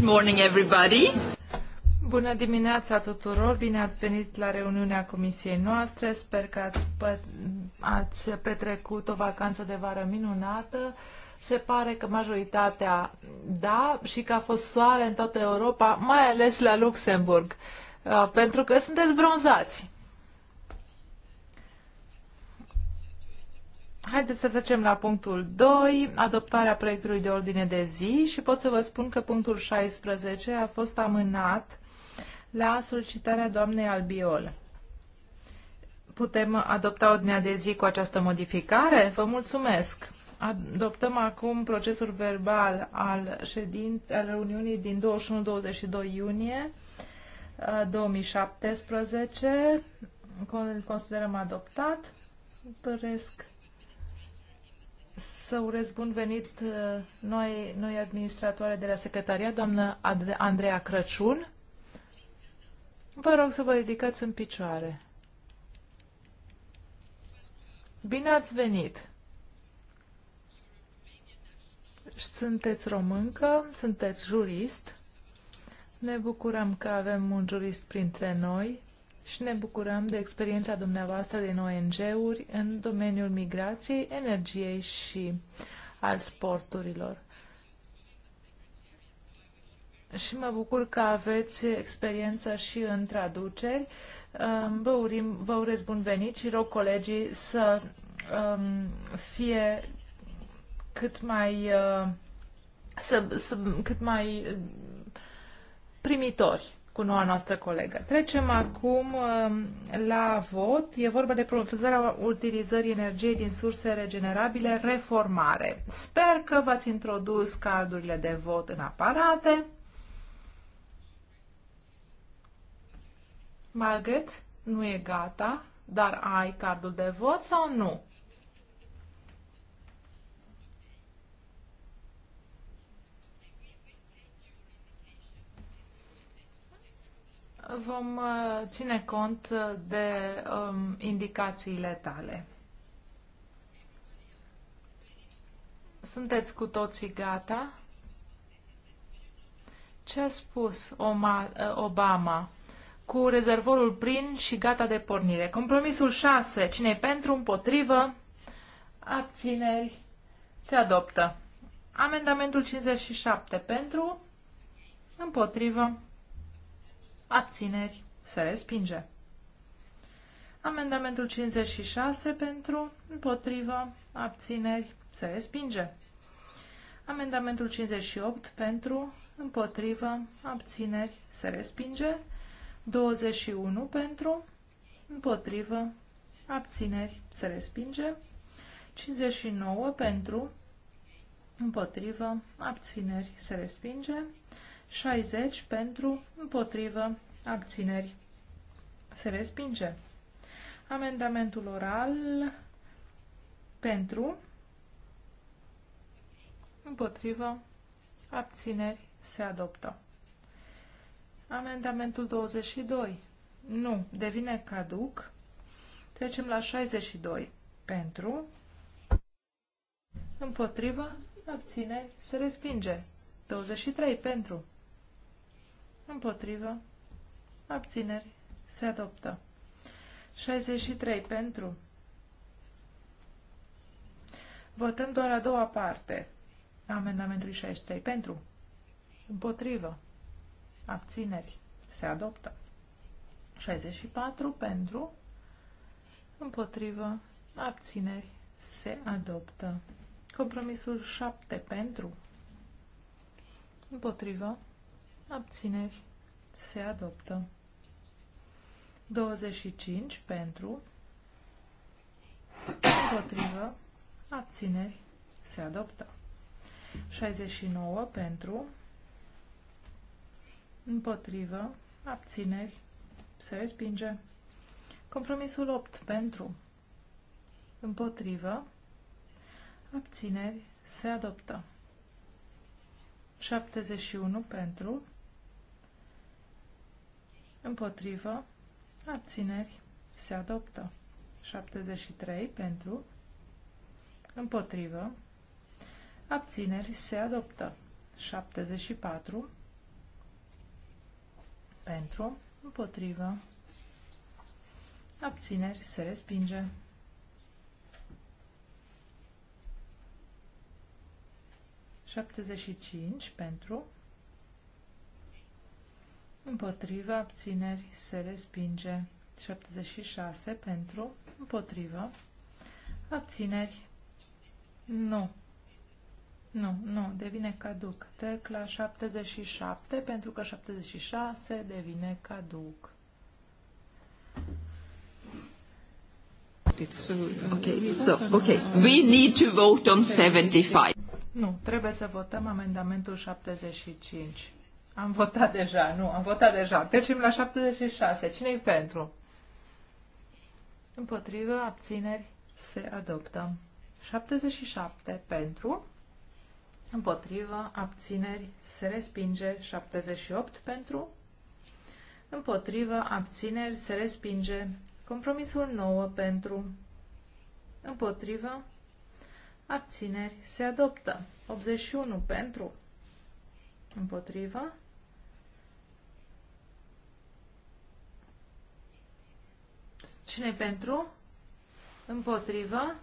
Good morning everybody. Bună dimineața tuturor, bine ați venit la reuniunea comisiei noastre. Sper că ați, ați petrecut o vacanță de vară minunată. Se pare că majoritatea da și că a fost soare în toată Europa, mai ales la Luxemburg, uh, pentru că sunteți bronzați. Haideți să trecem la punctul 2, adoptarea proiectului de ordine de zi și pot să vă spun că punctul 16 a fost amânat la solicitarea doamnei Albiol. Putem adopta ordinea de zi cu această modificare? Vă mulțumesc! Adoptăm acum procesul verbal al, ședin, al reuniunii din 21-22 iunie 2017. Îl considerăm adoptat. Doresc să urez bun venit uh, noi, noi administratoare de la secretariat, doamnă Andreea Crăciun. Vă rog să vă ridicați în picioare. Bine ați venit! Sunteți româncă, sunteți jurist. Ne bucurăm că avem un jurist printre noi și ne bucurăm de experiența dumneavoastră din ONG-uri în domeniul migrației, energiei și al sporturilor. Și mă bucur că aveți experiență și în traduceri. Vă, urim, vă urez bun venit și rog colegii să um, fie cât mai, uh, să, să, cât mai uh, primitori cu noua noastră colegă. Trecem acum um, la vot. E vorba de promovarea utilizării energiei din surse regenerabile, reformare. Sper că v-ați introdus cardurile de vot în aparate. Margaret, nu e gata, dar ai cardul de vot sau nu? vom uh, ține cont uh, de um, indicațiile tale. Sunteți cu toții gata? Ce a spus uh, Obama cu rezervorul prin și gata de pornire? Compromisul 6. cine e pentru, împotrivă, abțineri, se adoptă. Amendamentul 57. Pentru, împotrivă, abțineri, se respinge. Amendamentul 56 pentru, împotrivă, abțineri, se respinge. Amendamentul 58 pentru, împotrivă, abțineri, se respinge. 21 pentru, împotrivă, abțineri, se respinge. 59 pentru, împotrivă, abțineri, se respinge. 60 pentru, împotrivă, abțineri. Se respinge. Amendamentul oral pentru, împotrivă, abțineri, se adoptă. Amendamentul 22. Nu, devine caduc. Trecem la 62. Pentru, împotrivă, Abține. se respinge. 23. Pentru, împotrivă, abțineri, se adoptă. 63 pentru. Votăm doar a doua parte a amendamentului 63 pentru, împotrivă, abțineri, se adoptă. 64 pentru, împotrivă, abțineri, se adoptă. Compromisul 7 pentru, împotrivă, abțineri, se adoptă. 25 pentru, împotrivă, abțineri, se adoptă. 69 pentru, împotrivă, abțineri, se respinge. Compromisul 8 pentru, împotrivă, abțineri, se adoptă. 71 pentru, Împotrivă. Abțineri. Se adoptă. 73 pentru. Împotrivă. Abțineri. Se adoptă. 74 pentru. Împotrivă. Abțineri. Se respinge. 75 pentru împotrivă, abțineri, se respinge. 76 pentru, împotrivă, abțineri, nu. Nu, nu, devine caduc. Trec la 77 pentru că 76 devine caduc. Ok, so, ok. We need to vote on 75. Nu, trebuie să votăm amendamentul 75. Am votat deja, nu, am votat deja. Trecem la 76. Cine-i pentru? Împotrivă, abțineri, se adoptă. 77 pentru, împotrivă, abțineri, se respinge. 78 pentru, împotrivă, abțineri, se respinge. Compromisul 9 pentru, împotrivă, abțineri, se adoptă. 81 pentru, împotriva. Cine pentru? Împotrivă.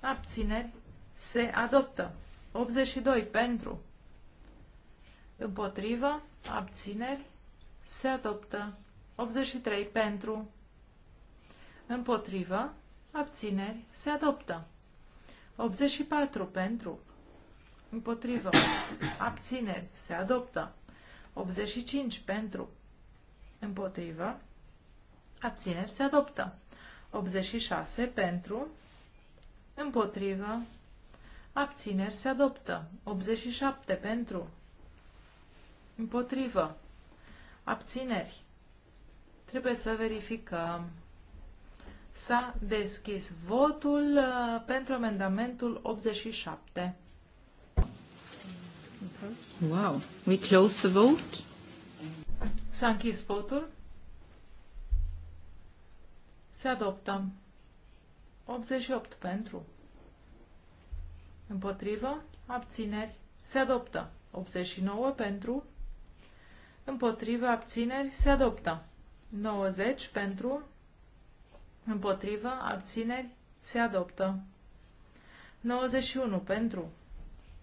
Abțineri. Se adoptă. 82 pentru. Împotrivă. Abțineri. Se adoptă. 83 pentru. Împotrivă. Abțineri. Se adoptă. 84 pentru. Împotrivă. Abțineri. Se adoptă. 85 pentru. Împotrivă. Abțineri. Se adoptă. 86 pentru. Împotrivă. Abțineri. Se adoptă. 87 pentru. Împotrivă. Abțineri. Trebuie să verificăm. S-a deschis votul uh, pentru amendamentul 87. Wow. We close the vote. S-a închis votul. Se adoptă. 88 pentru. Împotrivă. Abțineri. Se adoptă. 89 pentru. Împotrivă. Abțineri. Se adoptă. 90 pentru. Împotrivă. Abțineri. Se adoptă. 91 pentru.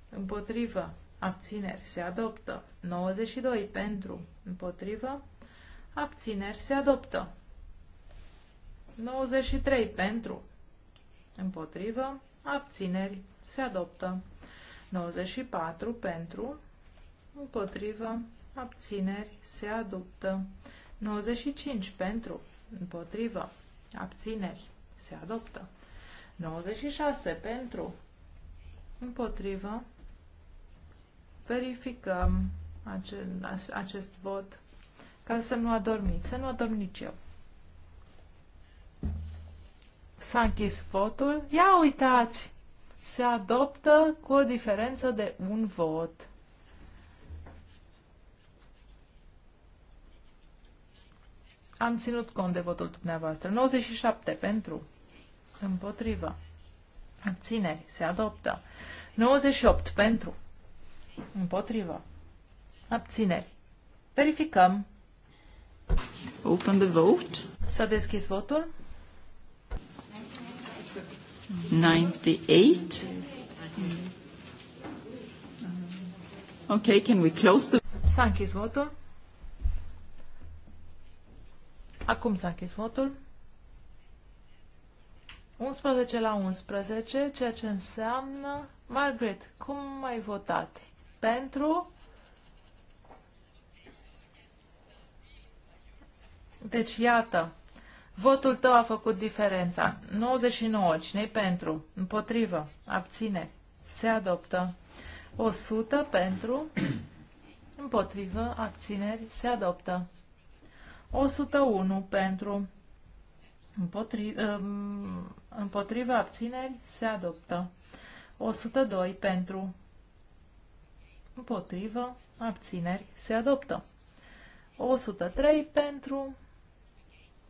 Împotrivă abțineri se adoptă. 92 pentru, împotrivă, abțineri se adoptă. 93 pentru, împotrivă, abțineri se adoptă. 94 pentru, împotrivă, abțineri se adoptă. 95 pentru, împotrivă, abțineri se adoptă. 96 pentru, împotrivă, verificăm acel, acest vot ca să nu adormit. Să nu adorm nici eu. S-a închis votul. Ia uitați! Se adoptă cu o diferență de un vot. Am ținut cont de votul dumneavoastră. 97 pentru. Împotrivă. Abțineri. Se adoptă. 98 pentru. Împotrivă. Abțineri. Verificăm. Open the vote. S-a deschis votul. 98. Okay, can we close the... S-a închis votul. Acum s-a închis votul. 11 la 11, ceea ce înseamnă... Margaret, cum ai votat? pentru. Deci, iată, votul tău a făcut diferența. 99, cine pentru? Împotrivă, abține, se adoptă. 100 pentru, împotrivă, abțineri, se adoptă. 101 pentru, împotrivă, împotrivă abțineri, se adoptă. 102 pentru, um, împotrivă, abțineri, se adoptă. 103 pentru,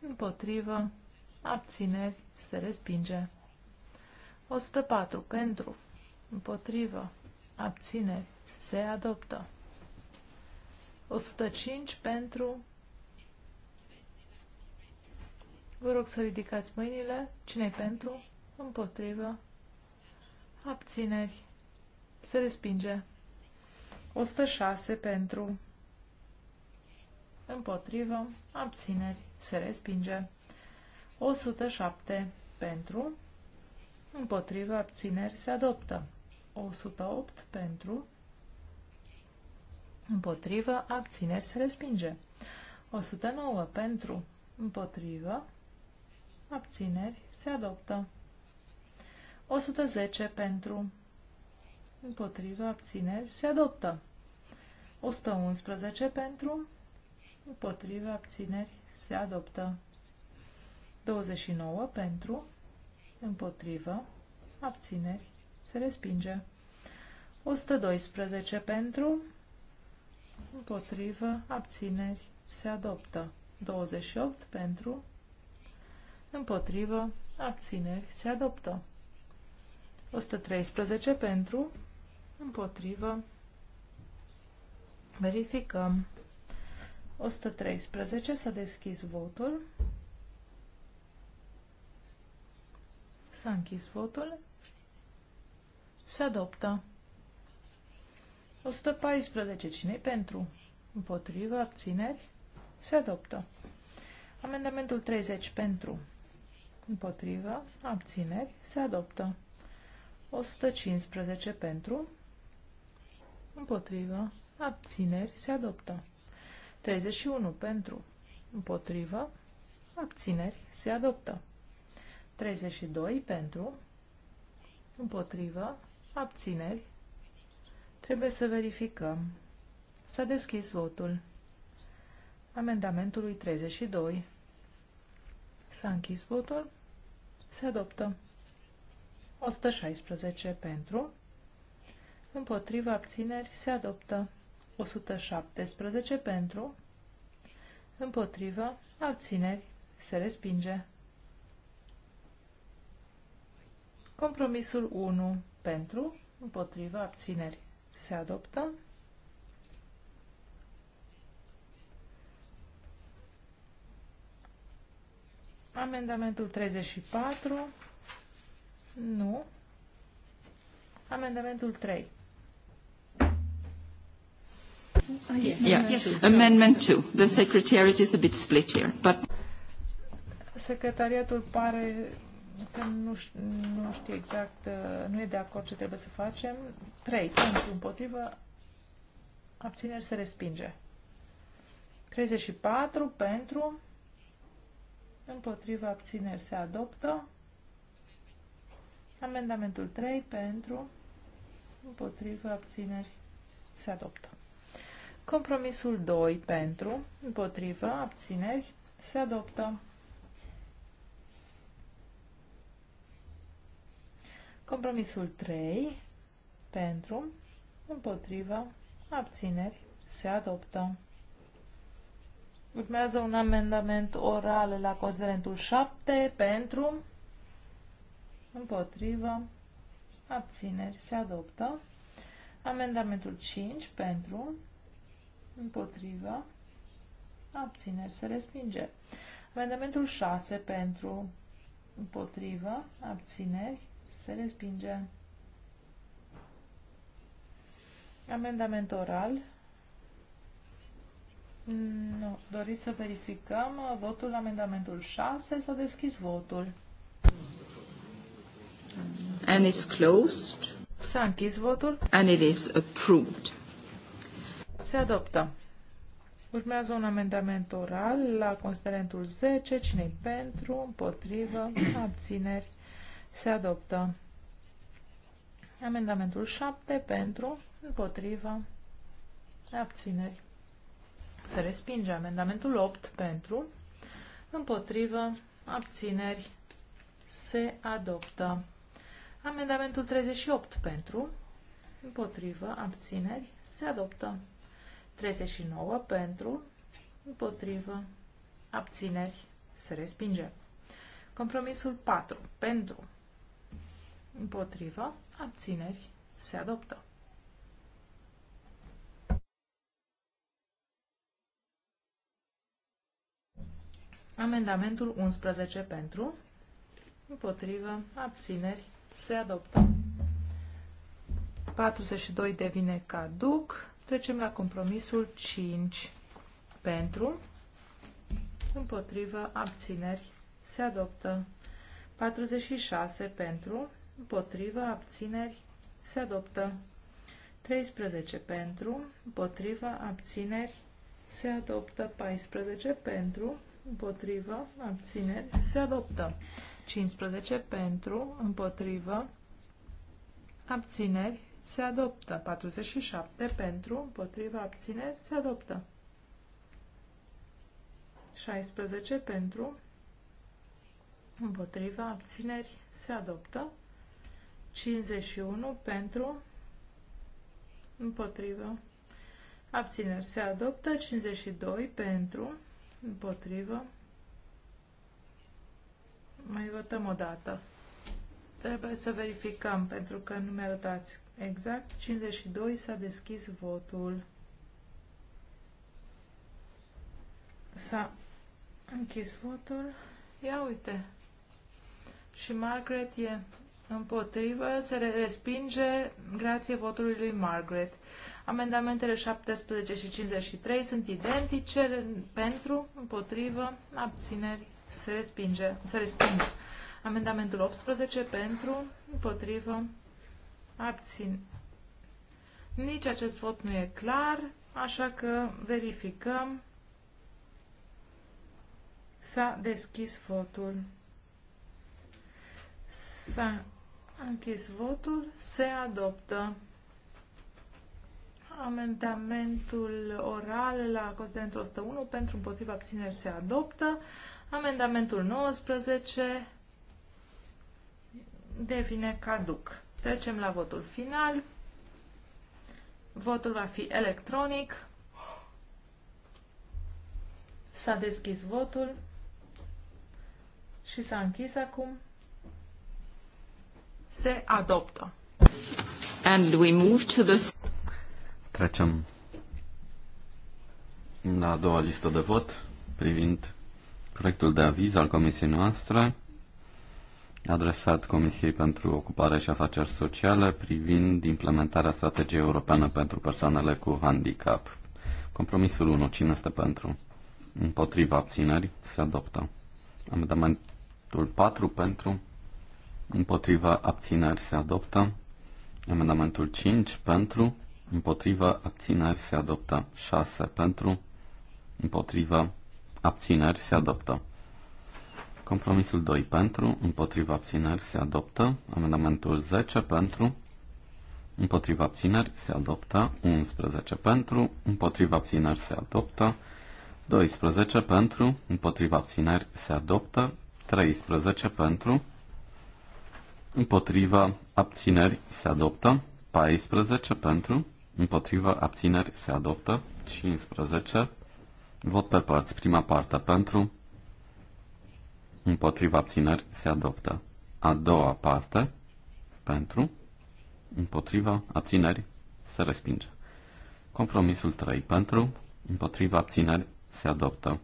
împotrivă, abțineri, se respinge. 104 pentru, împotrivă, abțineri, se adoptă. 105 pentru, vă rog să ridicați mâinile, cine pentru, împotrivă, abțineri, se respinge. 106 pentru, împotrivă, abțineri, se respinge. 107 pentru, împotrivă, abțineri, se adoptă. 108 pentru, împotrivă, abțineri, se respinge. 109 pentru, împotrivă, abțineri, se adoptă. 110 pentru, împotriva abțineri se adoptă. 111 pentru, împotriva abțineri se adoptă. 29 pentru, împotriva abțineri se respinge. 112 pentru, împotriva abțineri, se adoptă. 28 pentru, împotriva abțineri, se adoptă. 113 pentru, împotrivă, verificăm. 113 s-a deschis votul. S-a închis votul. Se adoptă. 114. cine pentru? Împotrivă, abțineri. Se adoptă. Amendamentul 30 pentru. Împotrivă, abțineri. Se adoptă. 115 pentru împotrivă, abțineri, se adoptă. 31 pentru, împotrivă, abțineri, se adoptă. 32 pentru, împotrivă, abțineri, trebuie să verificăm. S-a deschis votul amendamentului 32. S-a închis votul. Se adoptă. 116 pentru, împotriva abțineri se adoptă. 117 pentru, împotriva abțineri se respinge. Compromisul 1 pentru, împotriva abțineri se adoptă. Amendamentul 34. Nu. Amendamentul 3. Yes. Amendment 2. The Secretariat is a bit split here, but... Secretariatul pare că nu, nu știe exact, uh, nu e de acord ce trebuie să facem. 3. Pentru, împotrivă, abțineri se respinge. 34. Pentru, împotrivă, abțineri se adoptă. Amendamentul 3. Pentru, împotrivă, abțineri se adoptă. Compromisul 2 pentru, împotrivă, abțineri, se adoptă. Compromisul 3 pentru, împotrivă, abțineri, se adoptă. Urmează un amendament oral la considerentul 7 pentru, împotrivă, abțineri, se adoptă. Amendamentul 5 pentru, împotriva, abțineri, se respinge. Amendamentul 6 pentru, împotriva, abțineri, se respinge. Amendament oral. Nu. Doriți să verificăm votul amendamentul 6? S-a deschis votul. And it's closed. S-a închis votul. And it is approved. Se adoptă. Urmează un amendament oral la considerentul 10. cine pentru? Împotrivă? Abțineri? Se adoptă. Amendamentul 7. Pentru? Împotrivă? Abțineri? Se respinge. Amendamentul 8. Pentru? Împotrivă? Abțineri? Se adoptă. Amendamentul 38. Pentru? Împotrivă? Abțineri? Se adoptă. 39 pentru, împotrivă, abțineri, se respinge. Compromisul 4 pentru, împotrivă, abțineri, se adoptă. Amendamentul 11 pentru, împotrivă, abțineri, se adoptă. 42 devine caduc. Trecem la compromisul 5. Pentru, împotriva, abțineri, se adoptă. 46 pentru, împotriva, abțineri, se adoptă. 13 pentru, împotriva, abțineri, se adoptă. 14 pentru, împotrivă, abțineri, se adoptă. 15 pentru, împotrivă, abțineri, se adoptă. 47 pentru, împotriva abțineri, se adoptă. 16 pentru, împotriva abțineri, se adoptă. 51 pentru, împotriva abțineri, se adoptă. 52 pentru, împotriva. Mai votăm o dată. Trebuie să verificăm, pentru că nu mi-arătați exact. 52 s-a deschis votul. S-a închis votul. Ia uite. Și Margaret e împotrivă. Se respinge grație votului lui Margaret. Amendamentele 17 și 53 sunt identice pentru, împotrivă, abțineri. Se respinge. Se respinge. Amendamentul 18 pentru, împotrivă, abțin. Nici acest vot nu e clar, așa că verificăm. S-a deschis votul. S-a închis votul. Se adoptă amendamentul oral la considerentul 101 pentru împotriva abțineri se adoptă. Amendamentul 19 devine caduc. Trecem la votul final. Votul va fi electronic. S-a deschis votul și s-a închis acum. Se adoptă. And we move to the... Trecem la a doua listă de vot privind proiectul de aviz al comisiei noastre adresat Comisiei pentru Ocupare și Afaceri Sociale privind implementarea strategiei europene pentru persoanele cu handicap. Compromisul 1. Cine este pentru? Împotriva abțineri? Se adoptă. Amendamentul 4 pentru? Împotriva abțineri? Se adoptă. Amendamentul 5 pentru? Împotriva abțineri? Se adoptă. 6 pentru? Împotriva abțineri? Se adoptă. Compromisul 2 pentru, împotriva abțineri se adoptă. Amendamentul 10 pentru, împotriva abțineri se adoptă. 11 pentru, împotriva abțineri se adoptă. 12 pentru, împotriva abțineri se adoptă. 13 pentru, împotriva abțineri se adoptă. 14 pentru, împotriva abțineri se adoptă. 15 Vot pe părți. Prima parte pentru, împotriva țineri se adoptă. A doua parte, pentru, împotriva abțineri se respinge. Compromisul 3, pentru, împotriva abțineri se adoptă.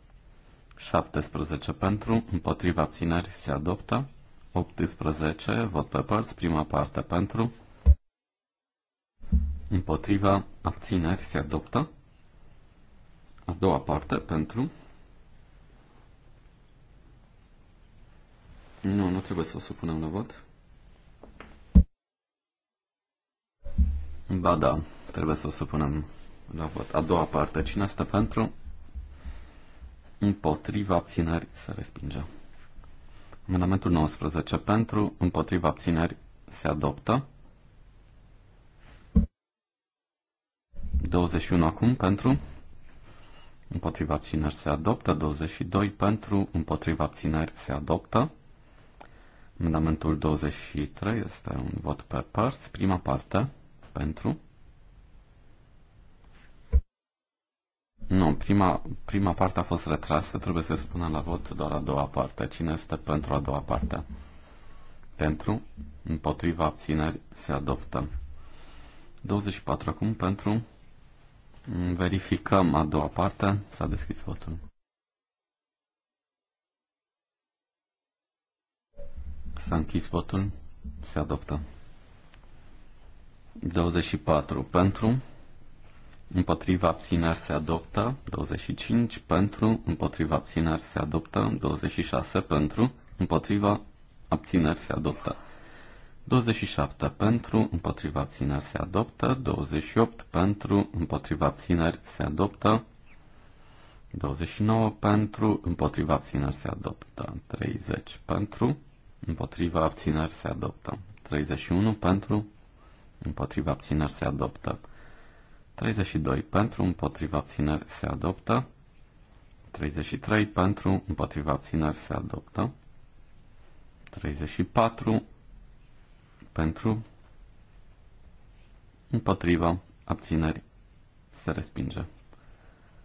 17 pentru, împotriva abțineri se adoptă. 18, vot pe părți, prima parte pentru, împotriva abțineri se adoptă. A doua parte pentru, Nu, nu trebuie să o supunem la vot. Ba da, trebuie să o supunem la vot. A doua parte, cine stă pentru? Împotriva abțineri se respinge. Amendamentul 19 pentru, împotriva abțineri se adoptă. 21 acum pentru, împotriva abțineri se adoptă, 22 pentru, împotriva abțineri se adoptă. Mandamentul 23 este un vot pe părți. Prima parte, pentru. Nu, prima, prima parte a fost retrasă, trebuie să spunem la vot doar a doua parte. Cine este pentru a doua parte? Pentru, împotriva abțineri, se adoptă. 24 acum pentru. Verificăm a doua parte. S-a deschis votul. S-a închis votul. Se adoptă. 24 pentru. Împotriva abțineri se adoptă. 25 pentru. Împotriva abțineri se adoptă. 26 pentru. Împotriva abțineri se adoptă. 27 pentru, împotriva abțineri se adoptă, 28 pentru, împotriva abțineri se adoptă, 29 pentru, împotriva abțineri se adoptă, 30 pentru, împotriva abțineri se adoptă. 31 pentru, împotriva abțineri se adoptă. 32 pentru, împotriva abțineri se adoptă. 33 pentru, împotriva abțineri se adoptă. 34 pentru, împotriva abțineri se respinge.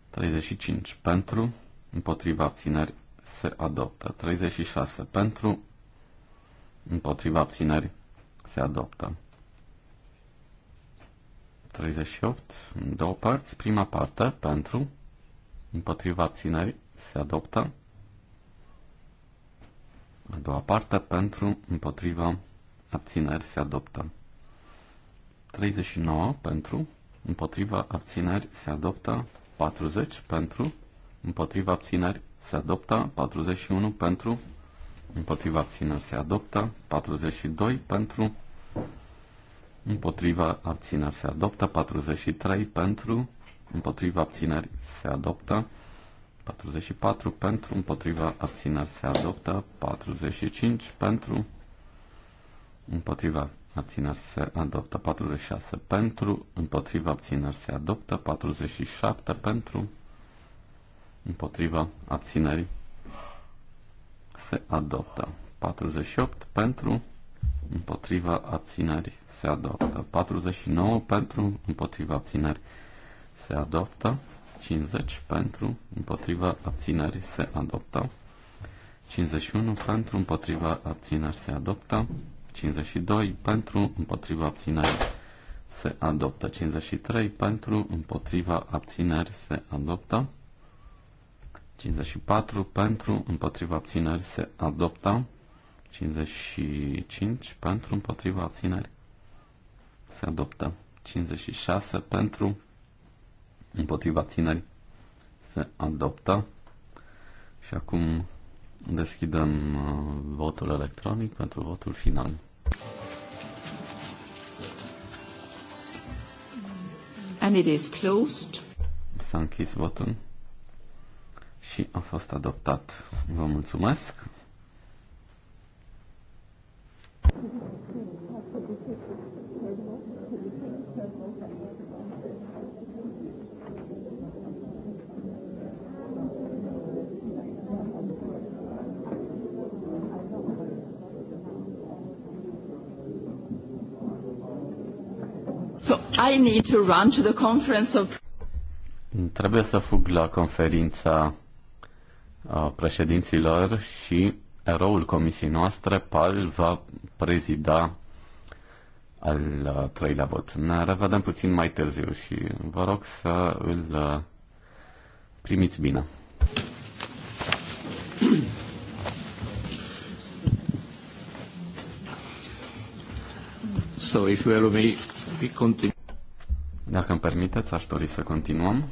35 pentru, împotriva abțineri se adoptă. 36 pentru, Împotriva abținerii se adoptă. 38, două părți. Prima parte, pentru. Împotriva abținerii se adoptă. A doua parte, pentru. Împotriva abținerii se adoptă. 39, pentru. Împotriva abținerii se adoptă. 40, pentru. Împotriva abținerii se adoptă. 41, pentru împotriva abținerii se adoptă, 42 pentru, împotriva abținerii se adoptă, 43 pentru, împotriva abținerii se adoptă, 44 pentru, împotriva abținerii se adoptă, 45 pentru, împotriva abținerii se adoptă, 46 pentru, împotriva abținerii se adoptă, 47 pentru, împotriva abținerii se adoptă. 48 pentru, împotriva abțineri se adoptă. 49 pentru, împotriva abțineri se adoptă. 50 pentru, împotriva abțineri se adoptă. 51 pentru, împotriva abțineri se adoptă. 52 pentru, împotriva abțineri se adoptă. 53 pentru, împotriva abțineri se adoptă. 54 pentru, împotriva abțineri se adoptă. 55 pentru, împotriva abțineri se adoptă. 56 pentru, împotriva abțineri se adoptă. Și acum deschidem uh, votul electronic pentru votul final. And it is closed. S-a închis votul și a fost adoptat. Vă mulțumesc! So I need to run to the conference of Trebuie să fug la conferința președinților și eroul comisiei noastre, Paul va prezida al treilea vot. Ne revedem puțin mai târziu și vă rog să îl uh, primiți bine. So if you allow me, we continue. Dacă îmi permiteți, aș dori să continuăm.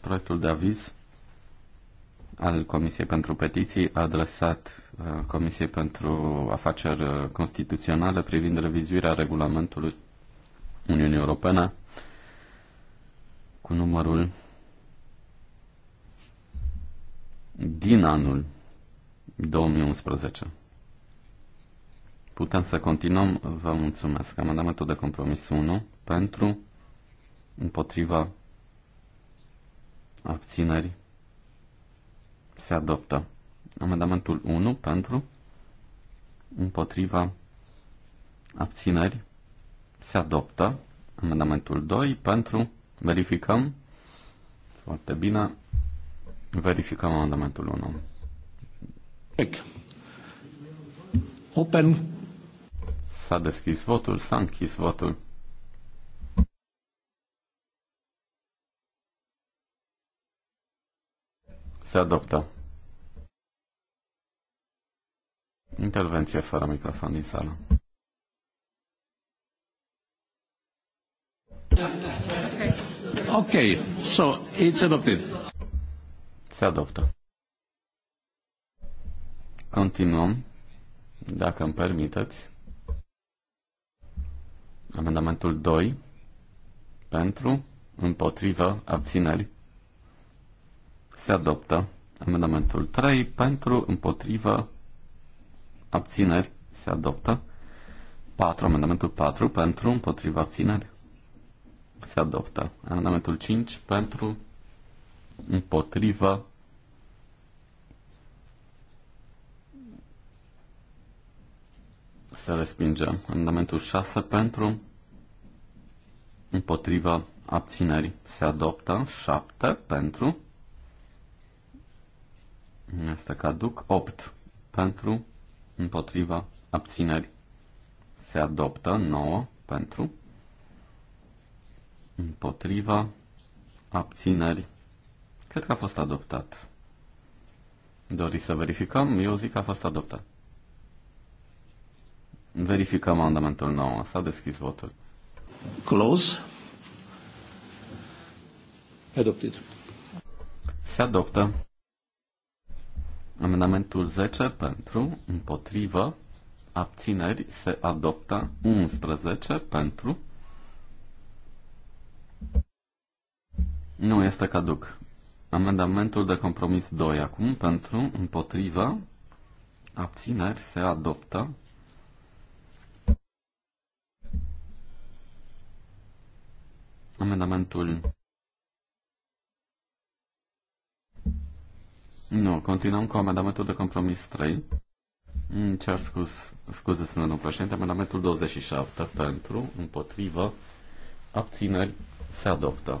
Proiectul de aviz al Comisiei pentru Petiții a adresat uh, Comisiei pentru Afaceri Constituționale privind revizuirea regulamentului Uniunii Europene cu numărul din anul 2011. Putem să continuăm. Vă mulțumesc. Amendamentul de compromis 1 pentru, împotriva, abțineri se adoptă. Amendamentul 1 pentru, împotriva, abțineri, se adoptă. Amendamentul 2 pentru, verificăm, foarte bine, verificăm amendamentul 1. Open. S-a deschis votul, s-a închis votul. Se adoptă. Intervenție fără microfon din sală. Ok, so it's adopted. Se adoptă. Continuăm, dacă îmi permiteți. Amendamentul 2 pentru, împotrivă, abțineri se adoptă. Amendamentul 3 pentru, împotrivă, abțineri. Se adoptă. 4, amendamentul 4 pentru, împotrivă abțineri. Se adoptă. Amendamentul 5 pentru, împotrivă se respinge. Amendamentul 6 pentru, împotriva abținerii se adoptă. 7 pentru, este caduc. 8 pentru, împotriva, abțineri se adoptă. 9 pentru, împotriva, abțineri. Cred că a fost adoptat. Doriți să verificăm? Eu zic că a fost adoptat. Verificăm amendamentul 9. S-a deschis votul. Close. Adopted. Se adoptă. Amendamentul 10 pentru, împotrivă, abțineri se adoptă 11 pentru. Nu este caduc. Amendamentul de compromis 2 acum pentru, împotrivă, abțineri se adoptă Amendamentul Nu, continuăm cu amendamentul de compromis 3. Cer scuz, scuze, spune domnul președinte, amendamentul 27 pentru, împotrivă, abțineri, se adoptă.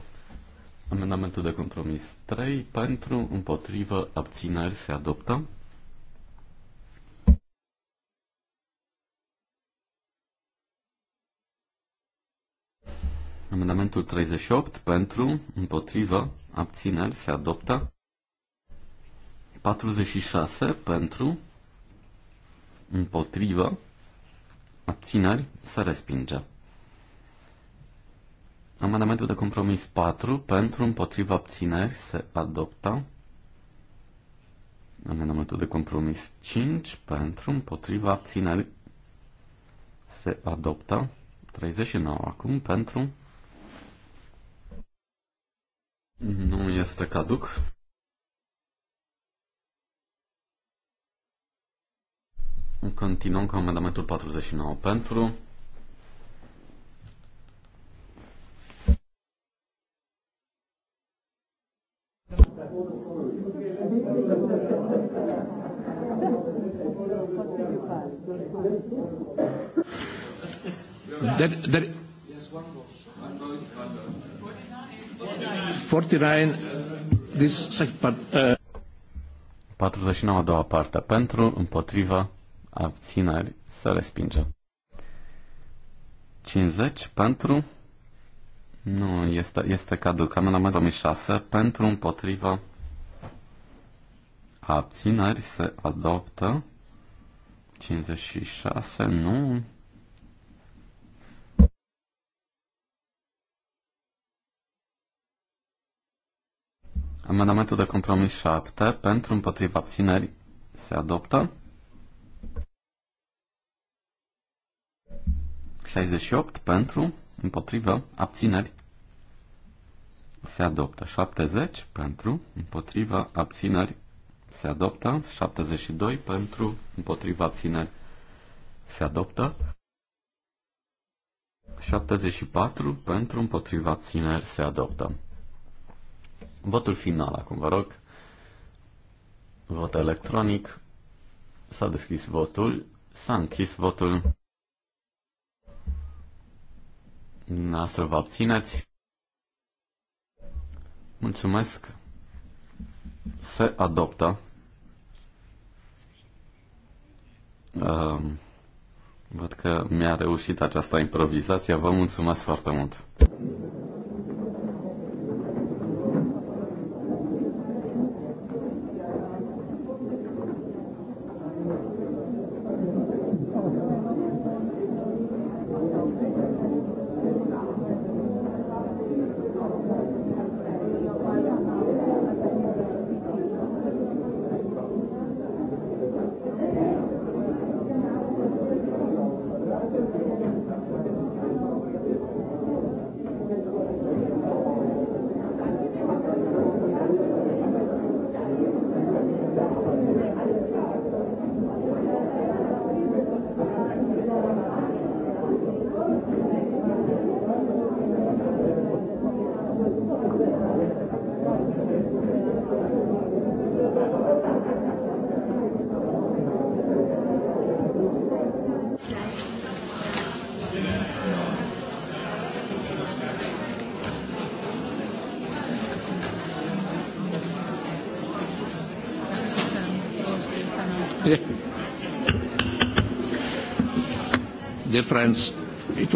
Amendamentul de compromis 3 pentru, împotrivă, abțineri, se adoptă. Amendamentul 38 pentru, împotrivă, abțineri, se adoptă. 46 pentru, împotrivă, abțineri, se respinge. Amendamentul de compromis 4 pentru, împotrivă, abțineri, se adoptă. Amendamentul de compromis 5 pentru, împotrivă, abțineri se adoptă. 39 acum pentru. Nu este caduc. Continuăm cu amendamentul 49 pentru. There, there, 49, this, but, uh... 49 a doua parte pentru, împotriva, abțineri, să respingă 50 pentru, nu, este, este caduc, amendamentul 2006 pentru, împotriva, abțineri, se adoptă. 56, nu, Amendamentul de compromis 7 pentru împotriva abțineri se adoptă. 68 pentru, împotrivă, abțineri, se adoptă. 70 pentru, împotrivă, abțineri, se adoptă. 72 pentru, împotrivă, abțineri, se adoptă. 74 pentru, împotriva, abțineri, se adoptă. Votul final acum, vă rog. Vot electronic. S-a deschis votul. S-a închis votul dumneavoastră vă abțineți. Mulțumesc. Se adoptă. Uh, văd că mi-a reușit această improvizație. Vă mulțumesc foarte mult.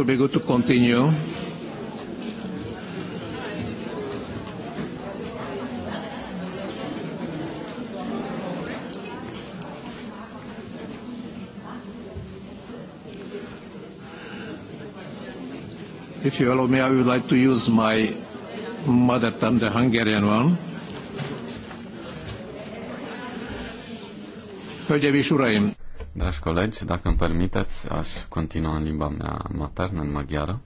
would be good to continue. If you allow me, I would like to use my mother tongue, the Hungarian one. Hölgyeim és Uraim! colegi, dacă îmi permiteți, aș continua în limba mea maternă, în maghiară.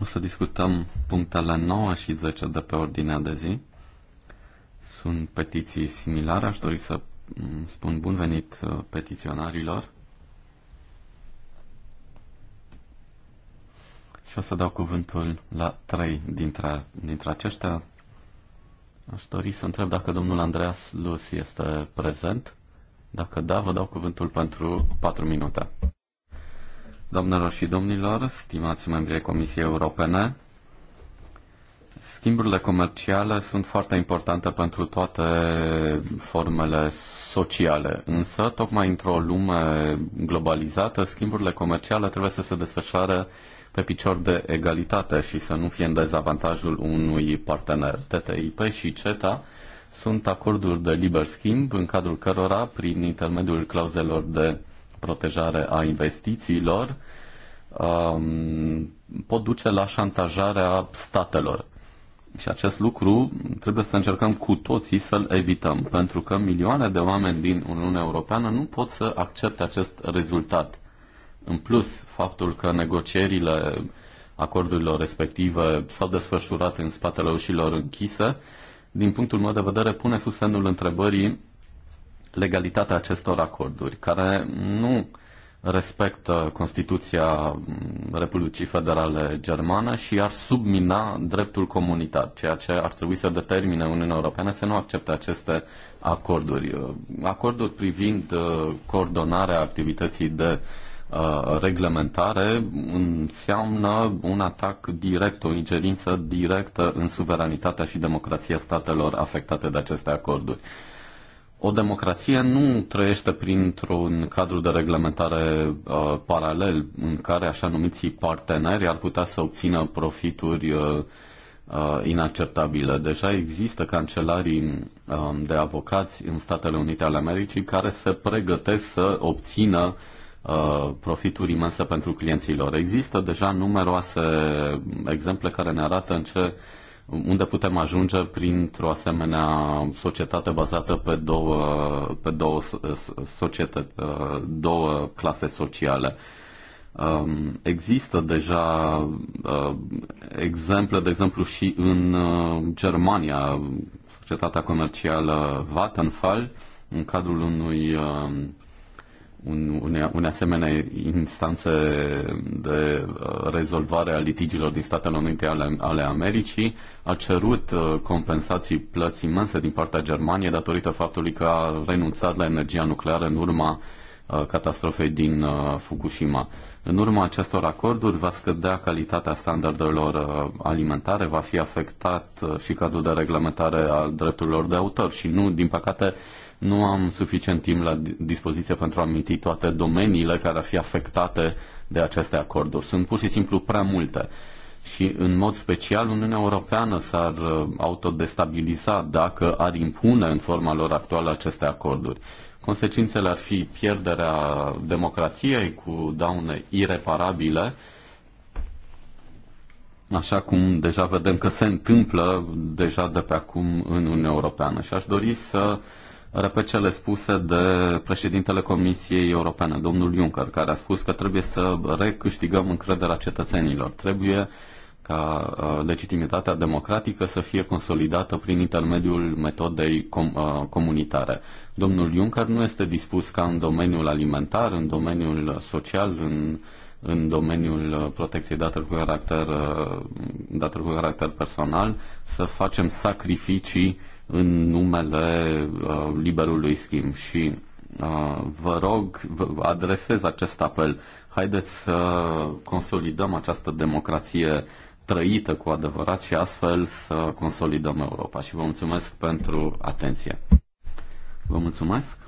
O să discutăm punctele 9 și 10 de pe ordinea de zi. Sunt petiții similare, aș dori să mm, spun bun venit uh, petiționarilor. Și o să dau cuvântul la trei dintre, dintre aceștia, Aș dori să întreb dacă domnul Andreas Lus este prezent. Dacă da, vă dau cuvântul pentru 4 minute. Doamnelor și domnilor, stimați ai Comisiei Europene, schimburile comerciale sunt foarte importante pentru toate formele sociale, însă, tocmai într-o lume globalizată, schimburile comerciale trebuie să se desfășoare pe picior de egalitate și să nu fie în dezavantajul unui partener. TTIP și CETA sunt acorduri de liber schimb în cadrul cărora, prin intermediul clauzelor de protejare a investițiilor, um, pot duce la șantajarea statelor. Și acest lucru trebuie să încercăm cu toții să-l evităm, pentru că milioane de oameni din Uniunea Europeană nu pot să accepte acest rezultat. În plus, faptul că negocierile acordurilor respective s-au desfășurat în spatele ușilor închise, din punctul meu de vedere, pune sub semnul întrebării legalitatea acestor acorduri, care nu respectă Constituția Republicii Federale Germane și ar submina dreptul comunitar, ceea ce ar trebui să determine Uniunea Europeană să nu accepte aceste acorduri. Acorduri privind uh, coordonarea activității de uh, Uh, reglementare înseamnă un atac direct, o ingerință directă în suveranitatea și democrația statelor afectate de aceste acorduri. O democrație nu trăiește printr-un cadru de reglementare uh, paralel în care așa numiții parteneri ar putea să obțină profituri uh, uh, inacceptabile. Deja există cancelarii uh, de avocați în Statele Unite ale Americii care se pregătesc să obțină uh, Uh, profituri imense pentru clienții lor Există deja numeroase exemple care ne arată în ce unde putem ajunge printr-o asemenea societate bazată pe două, pe două, societă, uh, două clase sociale. Um, există deja uh, exemple, de exemplu, și în Germania, societatea comercială Vattenfall, în cadrul unui um, un, une, une asemenea instanțe de uh, rezolvare a litigiilor din Statele Unite ale, ale Americii a cerut uh, compensații plăți imense din partea Germaniei datorită faptului că a renunțat la energia nucleară în urma uh, catastrofei din Fukushima. În urma acestor acorduri va scădea calitatea standardelor alimentare, va fi afectat și cadrul de reglementare al drepturilor de autor și nu, din păcate, nu am suficient timp la dispoziție pentru a aminti toate domeniile care ar fi afectate de aceste acorduri. Sunt pur și simplu prea multe. Și în mod special Uniunea Europeană s-ar uh, autodestabiliza dacă ar impune în forma lor actuală aceste acorduri. Consecințele ar fi pierderea democrației cu daune ireparabile, așa cum deja vedem că se întâmplă deja de pe acum în Uniunea Europeană. Și aș dori să repet cele spuse de președintele Comisiei Europene, domnul Juncker, care a spus că trebuie să recâștigăm încrederea cetățenilor. Trebuie ca uh, legitimitatea democratică să fie consolidată prin intermediul metodei com- uh, comunitare. Domnul Juncker nu este dispus ca în domeniul alimentar, în domeniul social, în, în domeniul uh, protecției datelor cu caracter, datelor cu caracter personal, să facem sacrificii în numele uh, liberului schimb și uh, vă rog, vă adresez acest apel. Haideți să consolidăm această democrație trăită cu adevărat și astfel să consolidăm Europa. Și vă mulțumesc pentru atenție. Vă mulțumesc.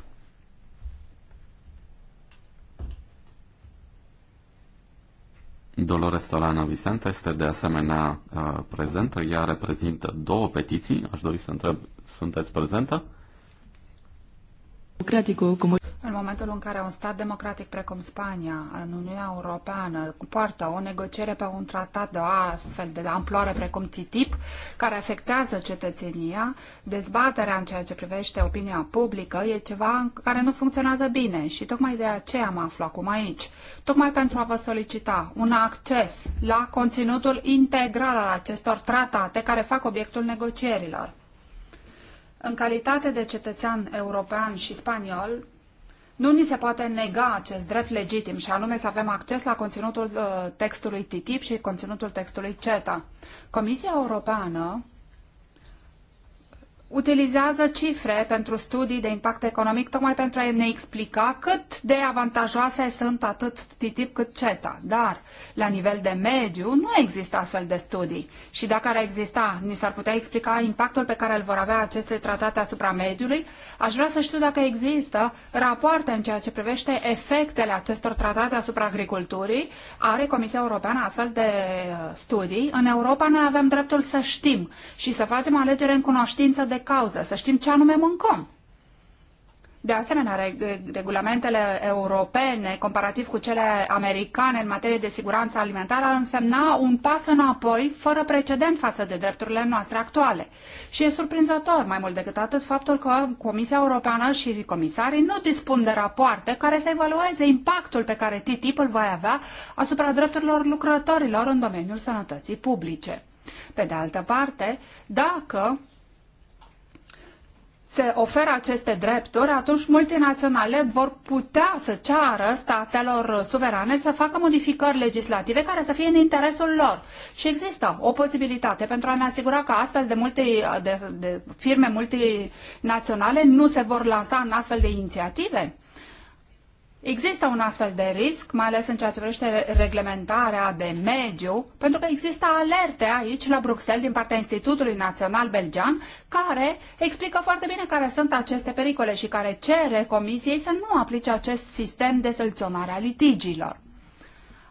Dolores Solana Vicente este de asemenea uh, prezentă. Ea reprezintă două petiții. Aș dori să întreb, sunteți prezentă? În momentul în care un stat democratic precum Spania, în Uniunea Europeană, poartă o negociere pe un tratat de astfel de amploare precum TTIP, care afectează cetățenia, dezbaterea în ceea ce privește opinia publică e ceva care nu funcționează bine și tocmai de aceea mă aflu acum aici. Tocmai pentru a vă solicita un acces la conținutul integral al acestor tratate care fac obiectul negocierilor. În calitate de cetățean european și spaniol, nu ni se poate nega acest drept legitim și anume să avem acces la conținutul uh, textului TTIP și conținutul textului CETA. Comisia Europeană utilizează cifre pentru studii de impact economic tocmai pentru a ne explica cât de avantajoase sunt atât TTIP cât CETA. Dar, la nivel de mediu, nu există astfel de studii. Și dacă ar exista, ni s-ar putea explica impactul pe care îl vor avea aceste tratate asupra mediului. Aș vrea să știu dacă există rapoarte în ceea ce privește efectele acestor tratate asupra agriculturii. Are Comisia Europeană astfel de uh, studii. În Europa noi avem dreptul să știm și să facem alegere în cunoștință de cauză, să știm ce anume mâncăm. De asemenea, regulamentele europene, comparativ cu cele americane în materie de siguranță alimentară, ar însemna un pas înapoi fără precedent față de drepturile noastre actuale. Și e surprinzător, mai mult decât atât, faptul că Comisia Europeană și comisarii nu dispun de rapoarte care să evalueze impactul pe care TTIP îl va avea asupra drepturilor lucrătorilor în domeniul sănătății publice. Pe de altă parte, dacă se oferă aceste drepturi, atunci multinaționale vor putea să ceară statelor suverane să facă modificări legislative care să fie în interesul lor. Și există o posibilitate pentru a ne asigura că astfel de, multe, de, de firme multinaționale nu se vor lansa în astfel de inițiative. Există un astfel de risc, mai ales în ceea ce privește reglementarea de mediu, pentru că există alerte aici la Bruxelles din partea Institutului Național Belgian, care explică foarte bine care sunt aceste pericole și care cere Comisiei să nu aplice acest sistem de soluționare a litigiilor.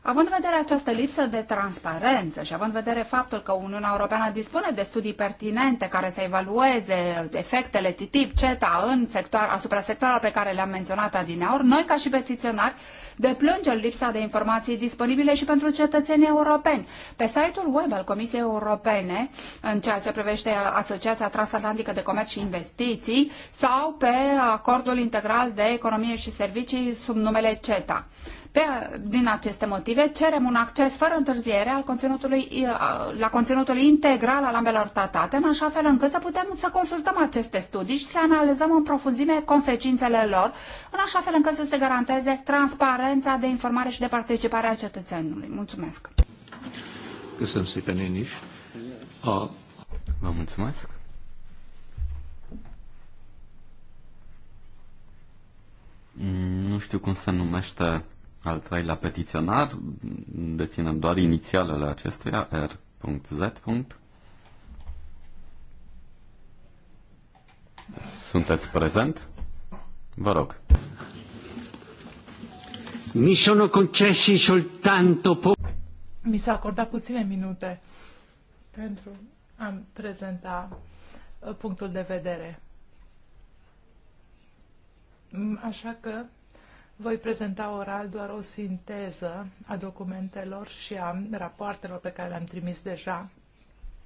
Având în vedere această lipsă de transparență și având în vedere faptul că Uniunea Europeană dispune de studii pertinente care să evalueze efectele TTIP, CETA în sector, asupra sectoarelor pe care le-am menționat adineaur, noi ca și petiționari deplângem lipsa de informații disponibile și pentru cetățenii europeni. Pe site-ul web al Comisiei Europene, în ceea ce privește Asociația Transatlantică de Comerț și Investiții sau pe acordul integral de economie și servicii sub numele CETA. Pe, din aceste motive, cerem un acces fără întârziere al conținutului, la conținutul integral al ambelor tratate, în așa fel încât să putem să consultăm aceste studii și să analizăm în profunzime consecințele lor, în așa fel încât să se garanteze transparența de informare și de participare a cetățenului. Mulțumesc! Vă mulțumesc. Nu știu cum se numește al treilea petiționar, deținem doar inițialele acestuia, R.Z. Sunteți prezent? Vă rog. Mi sono concessi soltanto po- Mi s-a acordat puține minute pentru a prezenta uh, punctul de vedere. Mm, așa că voi prezenta oral doar o sinteză a documentelor și a rapoartelor pe care le-am trimis deja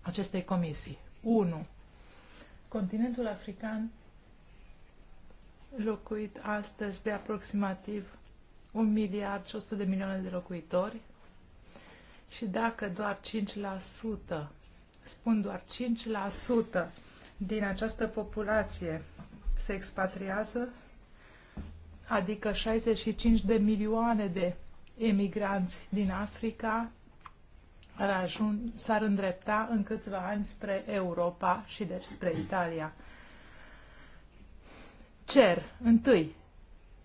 acestei comisii. 1. Continentul african locuit astăzi de aproximativ 1 miliard și 100 de milioane de locuitori și dacă doar 5%, spun doar 5% din această populație se expatriază, adică 65 de milioane de emigranți din Africa s-ar îndrepta în câțiva ani spre Europa și deci spre Italia. Cer, întâi,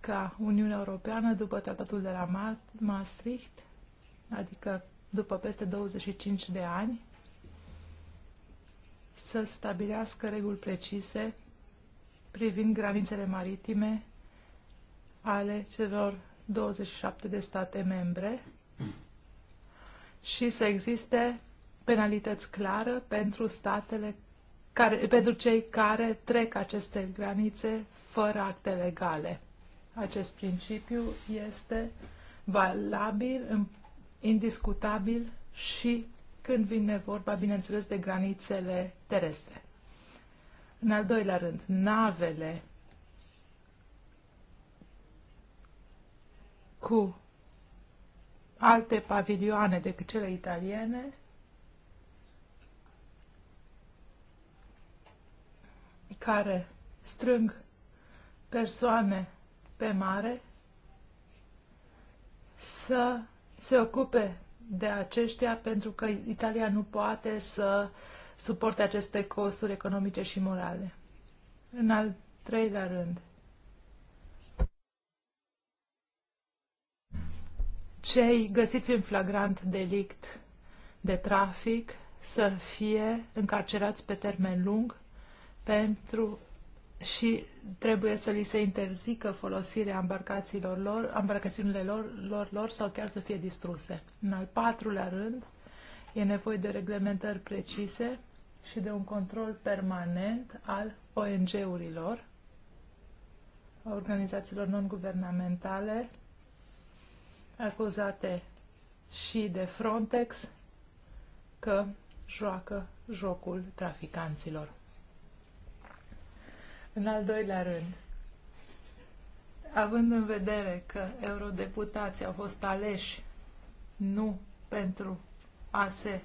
ca Uniunea Europeană, după tratatul de la Ma Maastricht, adică după peste 25 de ani, să stabilească reguli precise privind granițele maritime ale celor 27 de state membre și să existe penalități clare pentru statele care, pentru cei care trec aceste granițe fără acte legale. Acest principiu este valabil, indiscutabil și când vine vorba, bineînțeles, de granițele terestre. În al doilea rând, navele cu alte pavilioane decât cele italiene, care strâng persoane pe mare să se ocupe de aceștia pentru că Italia nu poate să suporte aceste costuri economice și morale. În al treilea rând, cei găsiți în flagrant delict de trafic să fie încarcerați pe termen lung pentru și trebuie să li se interzică folosirea embarcațiilor lor, embarcațiunile lor, lor, lor sau chiar să fie distruse. În al patrulea rând, e nevoie de reglementări precise și de un control permanent al ONG-urilor, organizațiilor non-guvernamentale, acuzate și de Frontex că joacă jocul traficanților. În al doilea rând, având în vedere că eurodeputații au fost aleși nu pentru a se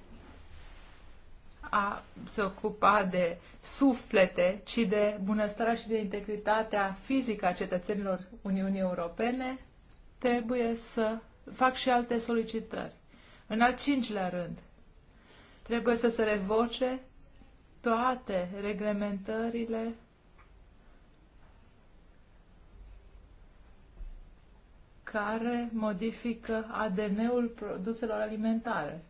a se ocupa de suflete, ci de bunăstarea și de integritatea fizică a cetățenilor Uniunii Europene, trebuie să fac și alte solicitări. În al cincilea rând, trebuie să se revoce toate reglementările care modifică ADN-ul produselor alimentare.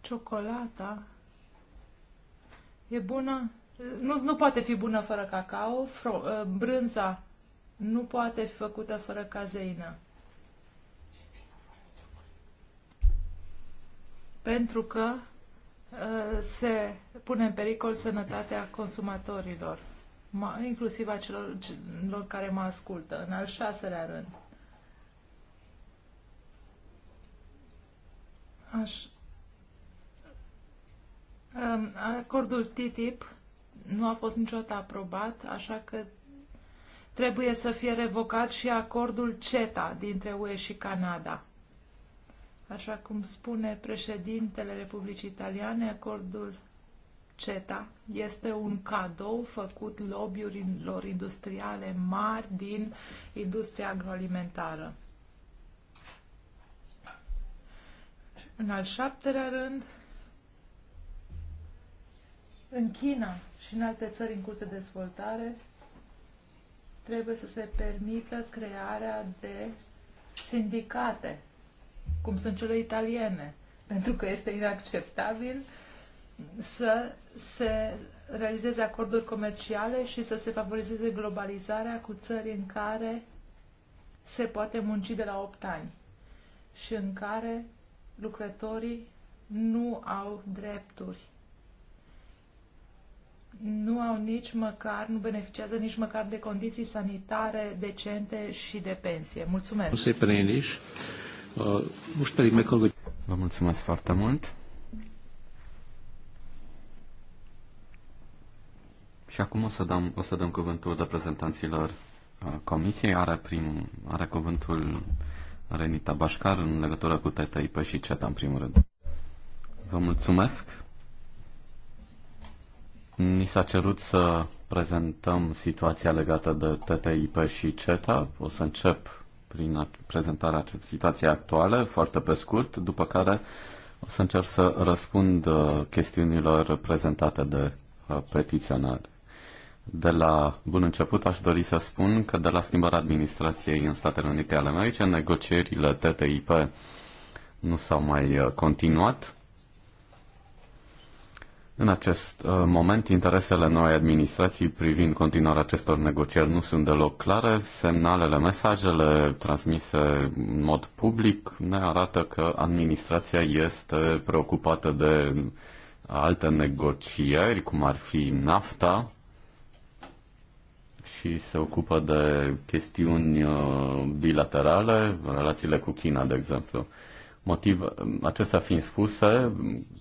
Ciocolata e bună nu, nu poate fi bună fără cacao, fro, uh, brânza nu poate fi făcută fără cazeină. Pentru că uh, se pune în pericol sănătatea consumatorilor, inclusiv a celor, celor care mă ascultă, în al șaselea rând. Aș, um, acordul TTIP nu a fost niciodată aprobat, așa că trebuie să fie revocat și acordul CETA dintre UE și Canada. Așa cum spune președintele Republicii Italiane, acordul CETA este un cadou făcut lobbyurilor industriale mari din industria agroalimentară. În al șaptelea rând, în China, și în alte țări în curs de dezvoltare, trebuie să se permită crearea de sindicate, cum sunt cele italiene, pentru că este inacceptabil să se realizeze acorduri comerciale și să se favorizeze globalizarea cu țări în care se poate munci de la 8 ani și în care lucrătorii nu au drepturi nu au nici măcar, nu beneficiază nici măcar de condiții sanitare decente și de pensie. Mulțumesc! Uh, Vă mulțumesc foarte mult! Și acum o să dăm, o să dăm cuvântul reprezentanților uh, Comisiei. Are, prim, are cuvântul Renita Bașcar în legătură cu TTIP și CETA în primul rând. Vă mulțumesc! Ni s-a cerut să prezentăm situația legată de TTIP și CETA. O să încep prin prezentarea situației actuale, foarte pe scurt, după care o să încerc să răspund uh, chestiunilor prezentate de uh, petiționari. De la bun început aș dori să spun că de la schimbarea administrației în Statele Unite ale Americii, negocierile TTIP nu s-au mai uh, continuat. În acest uh, moment, interesele noi administrații privind continuarea acestor negocieri nu sunt deloc clare. Semnalele, mesajele transmise în mod public ne arată că administrația este preocupată de alte negocieri, cum ar fi NAFTA, și se ocupă de chestiuni uh, bilaterale, relațiile cu China, de exemplu. Motiv, acestea fiind spuse,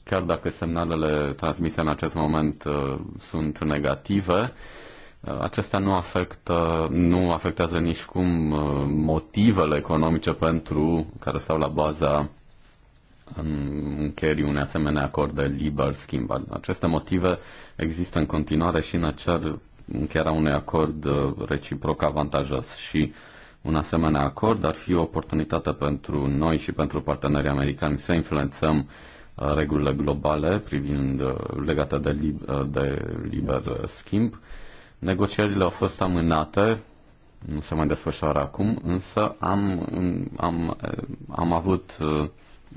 chiar dacă semnalele transmise în acest moment uh, sunt negative, uh, acestea nu, afectă, nu afectează nici cum uh, motivele economice pentru care stau la baza um, încheierii unei asemenea acord de liber schimb. Aceste motive există în continuare și în acel încheierea unui acord reciproc avantajos și uh, un asemenea acord ar fi o oportunitate pentru noi și pentru partenerii americani să influențăm uh, regulile globale privind uh, legate de, li- uh, de liber schimb. Negocierile au fost amânate, nu se mai desfășoară acum, însă am, am, am avut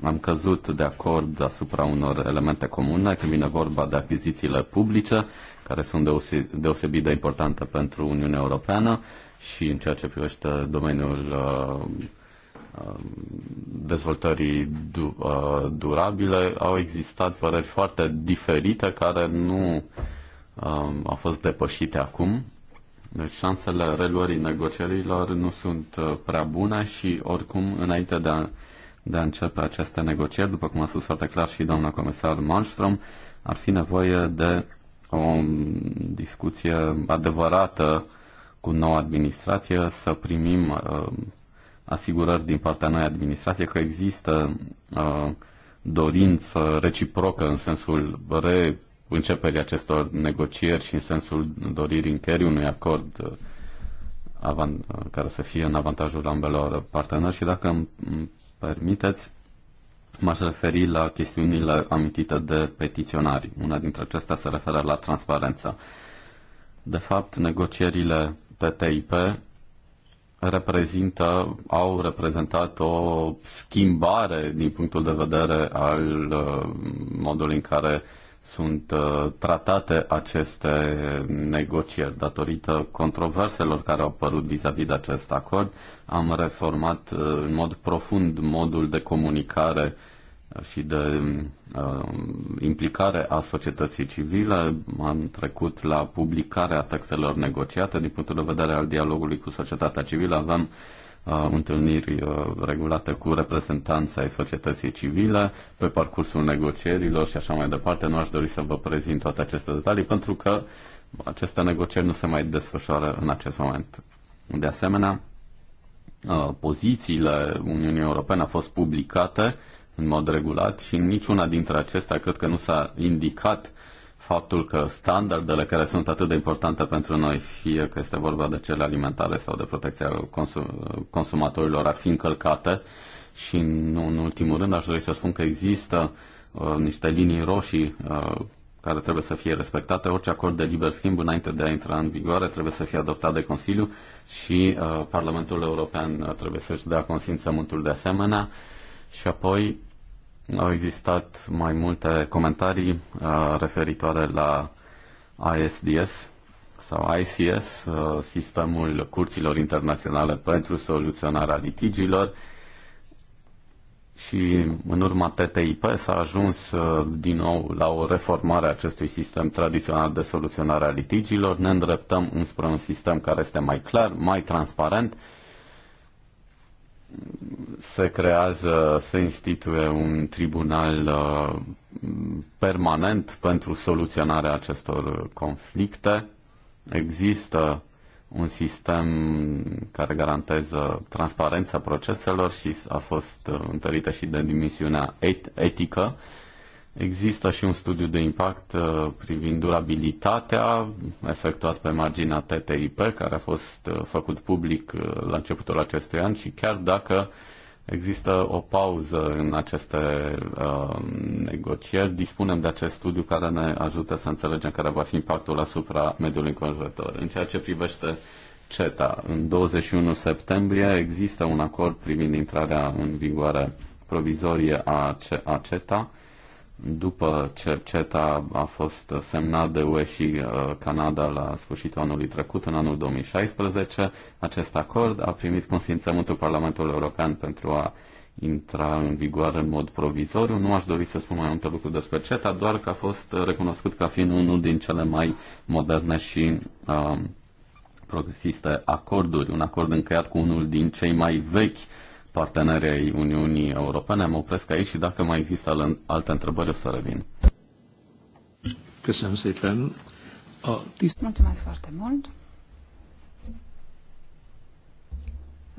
am căzut de acord asupra unor elemente comune când vine vorba de achizițiile publice, care sunt deosebit de importante pentru Uniunea Europeană, și în ceea ce privește domeniul uh, um, dezvoltării du- uh, durabile, au existat păreri foarte diferite care nu um, au fost depășite acum. Deci șansele reluării negocierilor nu sunt uh, prea bune și oricum înainte de a, de a începe aceste negocieri, după cum a spus foarte clar și doamna comisar Malmström, ar fi nevoie de o discuție adevărată cu noua administrație să primim uh, asigurări din partea noi administrație că există uh, dorință reciprocă în sensul re acestor negocieri și în sensul doririi încheierii unui acord uh, avan, uh, care să fie în avantajul ambelor parteneri și dacă îmi permiteți, m-aș referi la chestiunile amintite de petiționari. Una dintre acestea se referă la transparență. De fapt, negocierile TTIP reprezintă, au reprezentat o schimbare din punctul de vedere al uh, modului în care sunt uh, tratate aceste negocieri datorită controverselor care au apărut vis-a-vis -vis de acest acord. Am reformat uh, în mod profund modul de comunicare și de uh, implicare a societății civile. Am trecut la publicarea textelor negociate din punctul de vedere al dialogului cu societatea civilă. Avem uh, întâlniri uh, regulate cu reprezentanța ai societății civile pe parcursul negocierilor și așa mai departe. Nu aș dori să vă prezint toate aceste detalii pentru că aceste negocieri nu se mai desfășoară în acest moment. De asemenea, uh, pozițiile Uniunii Europene au fost publicate uh, în mod regulat și niciuna dintre acestea cred că nu s-a indicat faptul că standardele care sunt atât de importante pentru noi, fie că este vorba de cele alimentare sau de protecția consum- consumatorilor, ar fi încălcate. Și nu în ultimul rând aș dori să spun că există uh, niște linii roșii uh, care trebuie să fie respectate. Orice acord de liber schimb înainte de a intra în vigoare trebuie să fie adoptat de Consiliu și uh, Parlamentul European uh, trebuie să-și dea consimțământul de asemenea. Și apoi au existat mai multe comentarii uh, referitoare la ISDS sau ICS, uh, sistemul curților internaționale pentru soluționarea litigiilor. Și în urma TTIP s-a ajuns uh, din nou la o reformare a acestui sistem tradițional de soluționare a litigiilor. Ne îndreptăm înspre un sistem care este mai clar, mai transparent se creează, se instituie un tribunal uh, permanent pentru soluționarea acestor conflicte. Există un sistem care garantează transparența proceselor și a fost întărită și de dimensiunea et- etică. Există și un studiu de impact uh, privind durabilitatea efectuat pe marginea TTIP, care a fost uh, făcut public uh, la începutul acestui an și chiar dacă există o pauză în aceste uh, negocieri, dispunem de acest studiu care ne ajută să înțelegem care va fi impactul asupra mediului înconjurător. În ceea ce privește CETA, în 21 septembrie există un acord privind intrarea în vigoare provizorie a CETA după ce CETA a fost semnat de UE și uh, Canada la sfârșitul anului trecut, în anul 2016, acest acord a primit consimțământul Parlamentului European pentru a intra în vigoare în mod provizoriu. Nu aș dori să spun mai multe lucruri despre CETA, doar că a fost recunoscut ca fiind unul din cele mai moderne și um, progresiste acorduri, un acord încheiat cu unul din cei mai vechi uh, partenerei Uniunii Europene. Mă opresc aici și dacă mai există alte întrebări, o să revin. Mulțumesc foarte mult.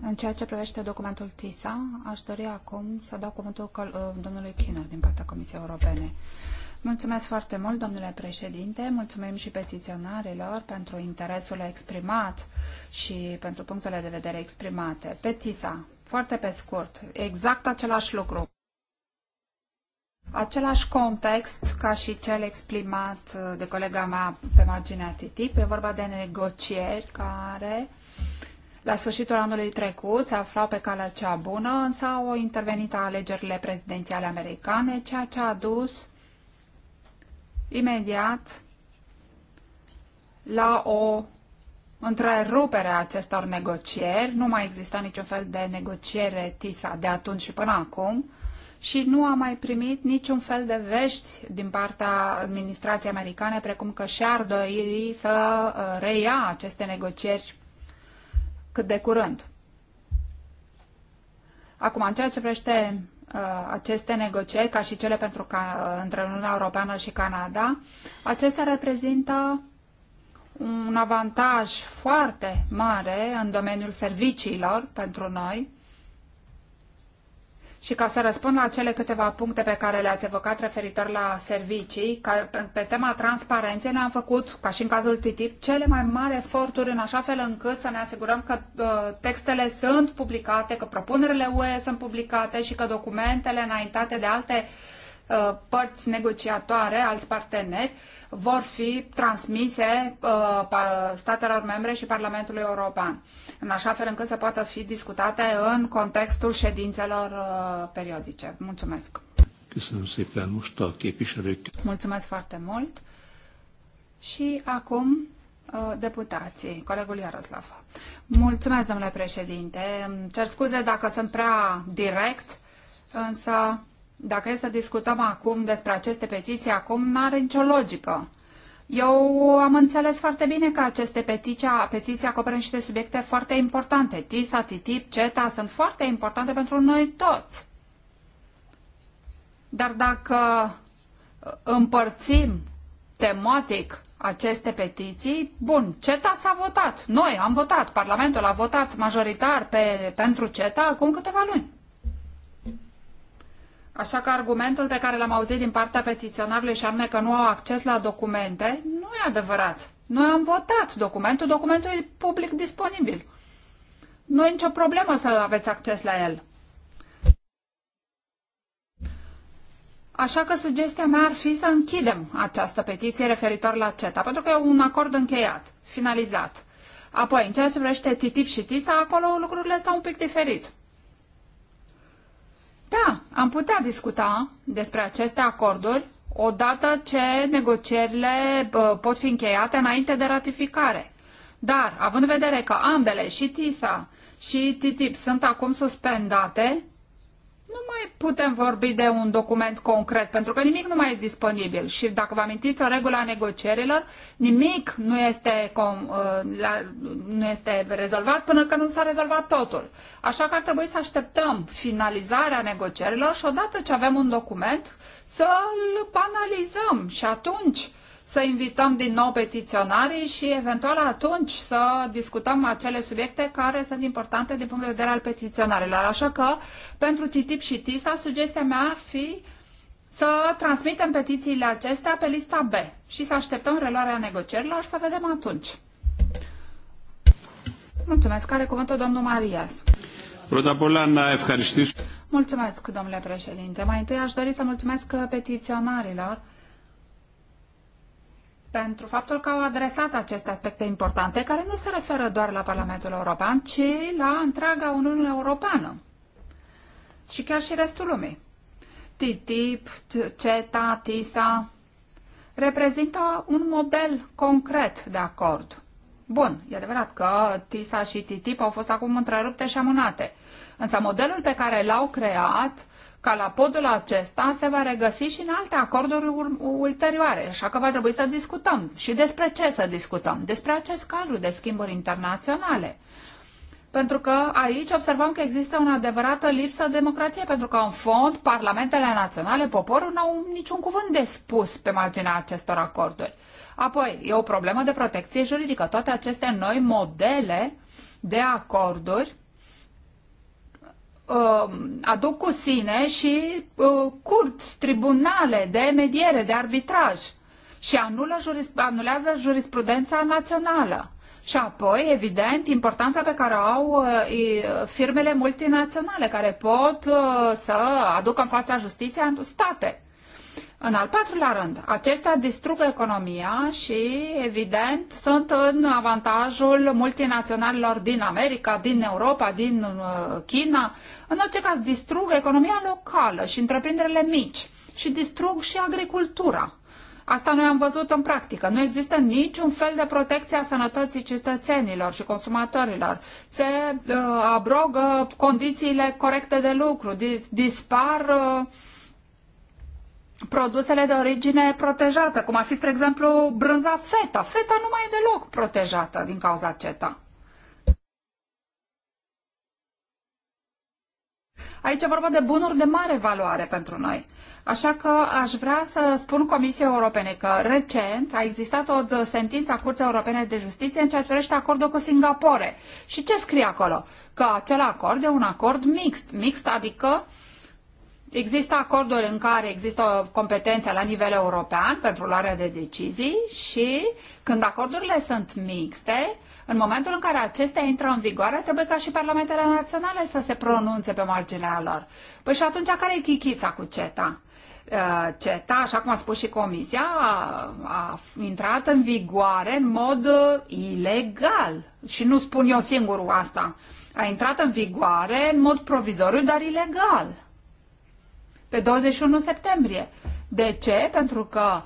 În ceea ce privește documentul TISA, aș dori acum să dau cuvântul ă, domnului Kinner din partea Comisiei Europene. Mulțumesc foarte mult, domnule președinte, mulțumim și petiționarilor pentru interesul exprimat și pentru punctele de vedere exprimate. Petisa, foarte pe scurt. Exact același lucru. Același context ca și cel exprimat uh, de colega mea pe marginea TTIP. E vorba de negocieri care la sfârșitul anului trecut se aflau pe calea cea bună, însă au intervenit alegerile prezidențiale americane, ceea ce a dus imediat la o întreruperea acestor negocieri, nu mai exista niciun fel de negociere TISA de atunci și până acum și nu a mai primit niciun fel de vești din partea administrației americane, precum că și-ar dori să uh, reia aceste negocieri cât de curând. Acum, în ceea ce vrește uh, aceste negocieri, ca și cele pentru ca, uh, între Uniunea Europeană și Canada, acestea reprezintă un avantaj foarte mare în domeniul serviciilor pentru noi. Și ca să răspund la cele câteva puncte pe care le-ați evocat referitor la servicii, ca, pe, pe tema transparenței ne-am făcut, ca și în cazul TTIP, cele mai mari eforturi în așa fel încât să ne asigurăm că uh, textele sunt publicate, că propunerile UE sunt publicate și că documentele înaintate de alte uh, uh, părți negociatoare, alți parteneri, vor fi transmise uh, statelor membre și Parlamentului European, în așa fel încât să poată fi discutate în contextul ședințelor uh, periodice. Mulțumesc! Mulțumesc foarte mult! Și acum uh, deputații, colegul Iaroslav. Mulțumesc, domnule președinte. Îmi cer scuze dacă sunt prea direct, însă dacă e să discutăm acum despre aceste petiții, acum n-are nicio logică. Eu am înțeles foarte bine că aceste petiții, petiții acoperă niște subiecte foarte importante. TISA, TTIP, CETA sunt foarte importante pentru noi toți. Dar dacă uh, împărțim tematic aceste petiții, bun, CETA s-a votat. Noi am votat, Parlamentul a votat majoritar pe, pentru CETA acum câteva luni. Așa că argumentul pe care l-am auzit din partea petiționarului și anume că nu au acces la documente, nu e adevărat. Noi am votat documentul, documentul e public disponibil. Nu e nicio problemă să aveți acces la el. Așa că sugestia mea ar fi să închidem această petiție referitor la CETA, pentru că e un acord încheiat, finalizat. Apoi, în ceea ce vrește TTIP și TISA, acolo lucrurile stau un pic diferit. Am putea discuta despre aceste acorduri odată ce negocierile pot fi încheiate înainte de ratificare. Dar, având în vedere că ambele, și TISA și TTIP, sunt acum suspendate, nu mai putem vorbi de un document concret, pentru că nimic nu mai e disponibil. Și dacă vă amintiți o regulă a negocierilor, nimic nu este, com, uh, la, nu este rezolvat până când nu s-a rezolvat totul. Așa că ar trebui să așteptăm finalizarea negocierilor și odată ce avem un document, să-l analizăm și atunci uh, să invităm din nou petiționarii și eventual atunci să discutăm acele subiecte care sunt importante din punct de vedere al petiționarilor. Așa că pentru TTIP și TISA sugestia mea ar fi să transmitem petițiile acestea pe lista B și să așteptăm reluarea negocierilor să vedem atunci. Mulțumesc. Care cuvântul domnul Marias? Mulțumesc, domnule președinte. Mai întâi aș dori să mulțumesc petiționarilor pentru faptul că au adresat aceste aspecte importante, care nu se referă doar la Parlamentul European, ci la întreaga Uniune Europeană și chiar și restul lumii. TTIP, CETA, TISA reprezintă un model concret de acord. Bun, e adevărat că TISA și TTIP au fost acum întrerupte și amânate, însă modelul pe care l-au creat ca la podul acesta se va regăsi și în alte acorduri ulterioare, așa că va trebui să discutăm. Și despre ce să discutăm? Despre acest cadru de schimburi internaționale. Pentru că aici observăm că există o adevărată lipsă de democrație, pentru că în fond parlamentele naționale, poporul, n-au niciun cuvânt de spus pe marginea acestor acorduri. Apoi, e o problemă de protecție juridică. Toate aceste noi modele de acorduri Um, aduc cu sine și uh, curți, tribunale de mediere, de arbitraj și anulă, anulează jurisprudența națională. Și apoi, evident, importanța pe care o au uh, firmele multinaționale, care pot uh, să aducă în fața justiției state. În al patrulea rând, acestea distrug economia și, evident, sunt în avantajul multinaționalilor din America, din Europa, din uh, China. În orice caz, distrug economia locală și întreprinderile mici și distrug și agricultura. Asta noi am văzut în practică. Nu există niciun fel de protecție a sănătății cetățenilor și consumatorilor. Se uh, abrogă condițiile corecte de lucru, dispar uh, produsele de origine protejată, cum ar fi, spre exemplu, brânza feta. Feta nu mai e deloc protejată din cauza CETA. Aici e vorba de bunuri de mare valoare pentru noi. Așa că aș vrea să spun Comisiei Europene că recent a existat o sentință a Curții Europene de Justiție în ceea ce privește acordul cu Singapore. Și ce scrie acolo? Că acel acord e un acord mixt. Mixt adică uh, Există acorduri în care există competențe la nivel european pentru luarea de decizii și când acordurile sunt mixte, în momentul în care acestea intră în vigoare, trebuie ca și parlamentele naționale să se pronunțe pe marginea lor. Păi și atunci care e chichița cu CETA? Uh, CETA, așa cum a spus și Comisia, a, a intrat în vigoare în mod uh, ilegal. Și nu spun eu singurul asta. A intrat în vigoare în mod provizoriu, dar ilegal pe 21 septembrie. De ce? Pentru că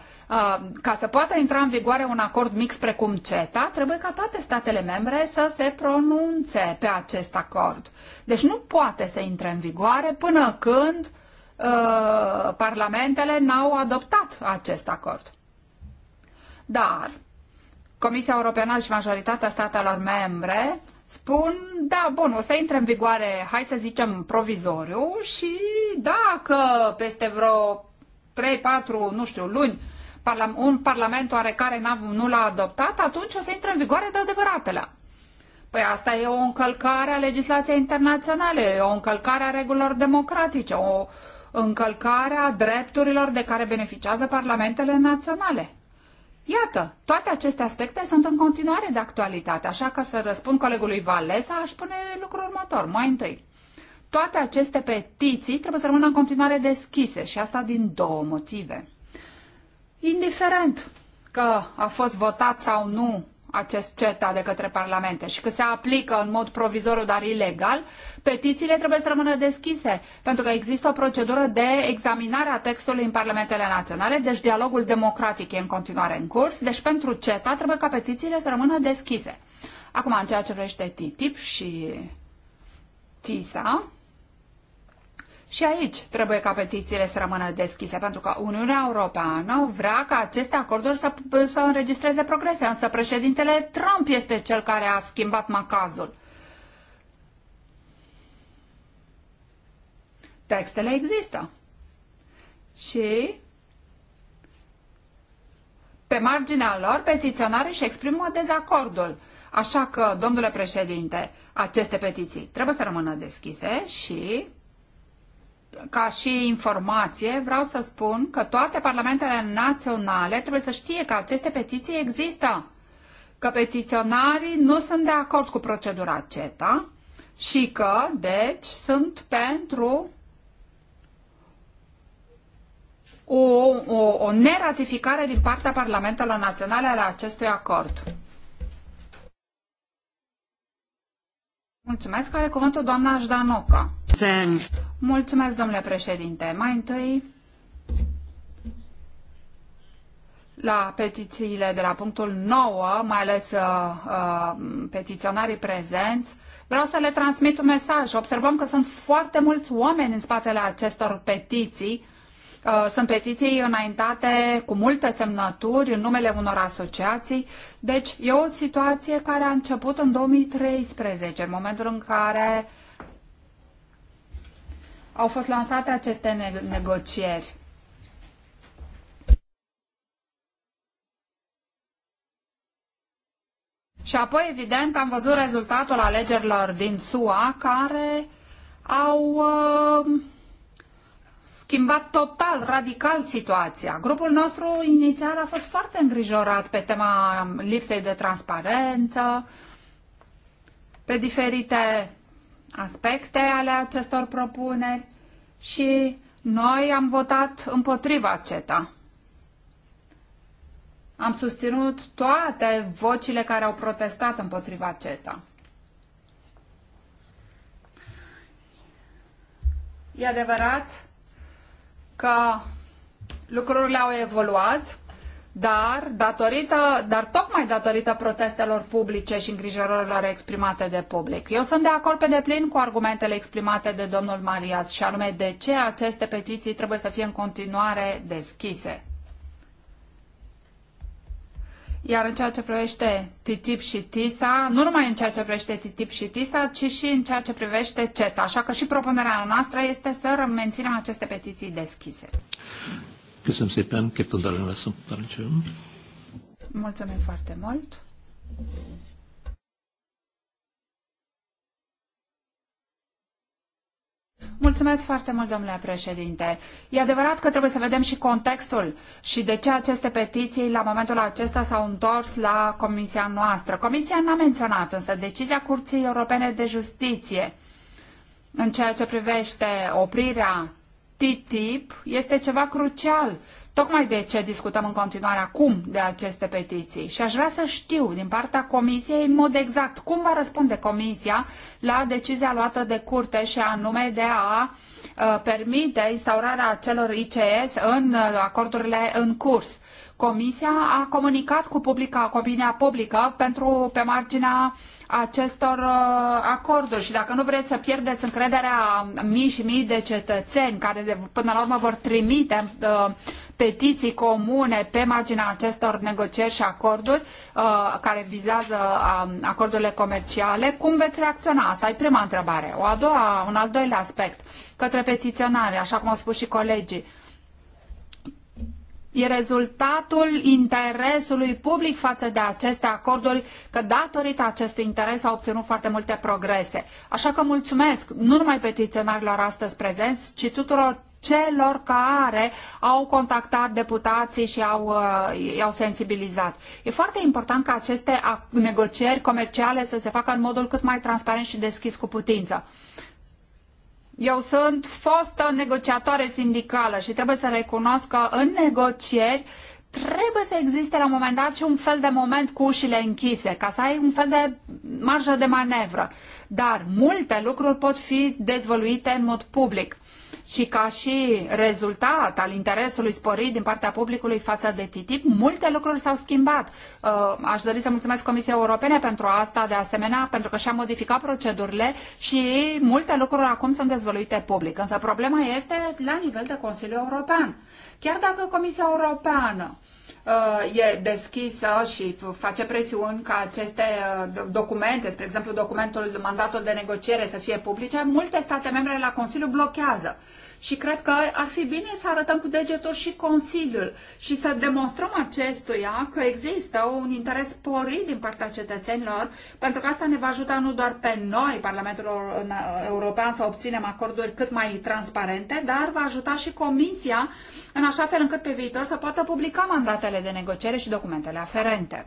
ca să poată intra în vigoare un acord mix precum CETA, trebuie ca toate statele membre să se pronunțe pe acest acord. Deci nu poate să intre în vigoare până când uh, parlamentele n-au adoptat acest acord. Dar Comisia Europeană și majoritatea statelor membre spun, da, bun, o să intre în vigoare, hai să zicem, provizoriu și dacă peste vreo 3-4, nu știu, luni, un parlament oarecare nu l-a adoptat, atunci o să intre în vigoare de adevăratele. Păi asta e o încălcare a legislației internaționale, e o încălcare a regulilor democratice, o încălcare a drepturilor de care beneficiază parlamentele naționale. Iată, toate aceste aspecte sunt în continuare de actualitate, așa că să răspund colegului Valesa, aș spune lucrul următor, mai întâi. Toate aceste petiții trebuie să rămână în continuare deschise și asta din două motive. Indiferent că a fost votat sau nu acest CETA de către parlamente și că se aplică în mod provizoriu, dar ilegal, petițiile trebuie să rămână deschise, pentru că există o procedură de examinare a textului în parlamentele naționale, deci dialogul democratic e în continuare în curs, deci pentru CETA trebuie ca petițiile să rămână deschise. Acum, în ceea ce privește TTIP și TISA, și aici trebuie ca petițiile să rămână deschise, pentru că Uniunea Europeană vrea ca aceste acorduri să, să înregistreze progrese, însă președintele Trump este cel care a schimbat macazul. Textele există. Și pe marginea lor, petiționarii își exprimă dezacordul. Așa că, domnule președinte, aceste petiții trebuie să rămână deschise și ca și informație, vreau să spun că toate parlamentele naționale trebuie să știe că aceste petiții există, că petiționarii nu sunt de acord cu procedura CETA și că, deci, sunt pentru o, o, o neratificare din partea parlamentelor naționale ale acestui acord. Mulțumesc. Are cuvântul doamna Ždanoca. Mulțumesc, domnule președinte. Mai întâi, la petițiile de la punctul 9, mai ales uh, uh, petiționarii prezenți, vreau să le transmit un mesaj. Observăm că sunt foarte mulți oameni în spatele acestor petiții Uh, sunt petiții înaintate cu multe semnături în numele unor asociații. Deci e o situație care a început în 2013, în momentul în care au fost lansate aceste negocieri. Și apoi, evident, am văzut rezultatul alegerilor din SUA, care au uh, schimbat total, radical situația. Grupul nostru inițial a fost foarte îngrijorat pe tema lipsei de transparență, pe diferite aspecte ale acestor propuneri și noi am votat împotriva CETA. Am susținut toate vocile care au protestat împotriva CETA. E adevărat că lucrurile au evoluat, dar, datorită, dar tocmai datorită protestelor publice și îngrijorărilor exprimate de public. Eu sunt de acord pe deplin cu argumentele exprimate de domnul Marias și anume de ce aceste petiții trebuie să fie în continuare deschise. Iar în ceea ce privește TTIP și TISA, nu numai în ceea ce privește TTIP și TISA, ci și în ceea ce privește CETA. Așa că și propunerea noastră este să menținem aceste petiții deschise. Mulțumim foarte mult. Mulțumesc foarte mult, domnule președinte. E adevărat că trebuie să vedem și contextul și de ce aceste petiții la momentul acesta s-au întors la comisia noastră. Comisia n-a menționat însă decizia Curții Europene de Justiție în ceea ce privește oprirea TTIP este ceva crucial. Tocmai de ce discutăm în continuare acum de aceste petiții și aș vrea să știu din partea Comisiei în mod exact cum va răspunde Comisia la decizia luată de curte și anume de a uh, permite instaurarea acelor ICS în uh, acordurile în curs. Comisia a comunicat cu, publica, cu opinia publică pentru, pe marginea acestor uh, acorduri și dacă nu vreți să pierdeți încrederea mii și mii de cetățeni care de, până la urmă vor trimite uh, petiții comune pe marginea acestor negocieri și acorduri uh, care vizează um, acordurile comerciale, cum veți reacționa? Asta e prima întrebare. O a doua, un al doilea aspect, către petiționare, așa cum au spus și colegii e rezultatul interesului public față de aceste acorduri, că datorită acestui interes au obținut foarte multe progrese. Așa că mulțumesc nu numai petiționarilor astăzi prezenți, ci tuturor celor care au contactat deputații și au, uh, i-au sensibilizat. E foarte important ca aceste negocieri comerciale să se facă în modul cât mai transparent și deschis cu putință. Eu sunt fostă negociatoare sindicală și trebuie să recunosc că în negocieri trebuie să existe la un moment dat și un fel de moment cu ușile închise, ca să ai un fel de marjă de manevră. Dar multe lucruri pot fi dezvăluite în mod public și ca și rezultat al interesului sporit din partea publicului față de TTIP, multe lucruri s-au schimbat. Uh, aș dori să mulțumesc Comisiei Europene pentru asta, de asemenea, pentru că și-a modificat procedurile și multe lucruri acum sunt dezvăluite public. Însă problema este la nivel de Consiliu European. Chiar dacă Comisia Europeană Uh, e deschisă și face presiuni ca aceste uh, documente, spre exemplu documentul, mandatul de negociere să fie publice, multe state membre la Consiliu blochează. Și cred că ar fi bine să arătăm cu degetul și Consiliul și să demonstrăm acestuia că există un interes sporit din partea cetățenilor, pentru că asta ne va ajuta nu doar pe noi, Parlamentul European, să obținem acorduri cât mai transparente, dar va ajuta și Comisia în așa fel încât pe viitor să poată publica mandatele de negociere și documentele aferente.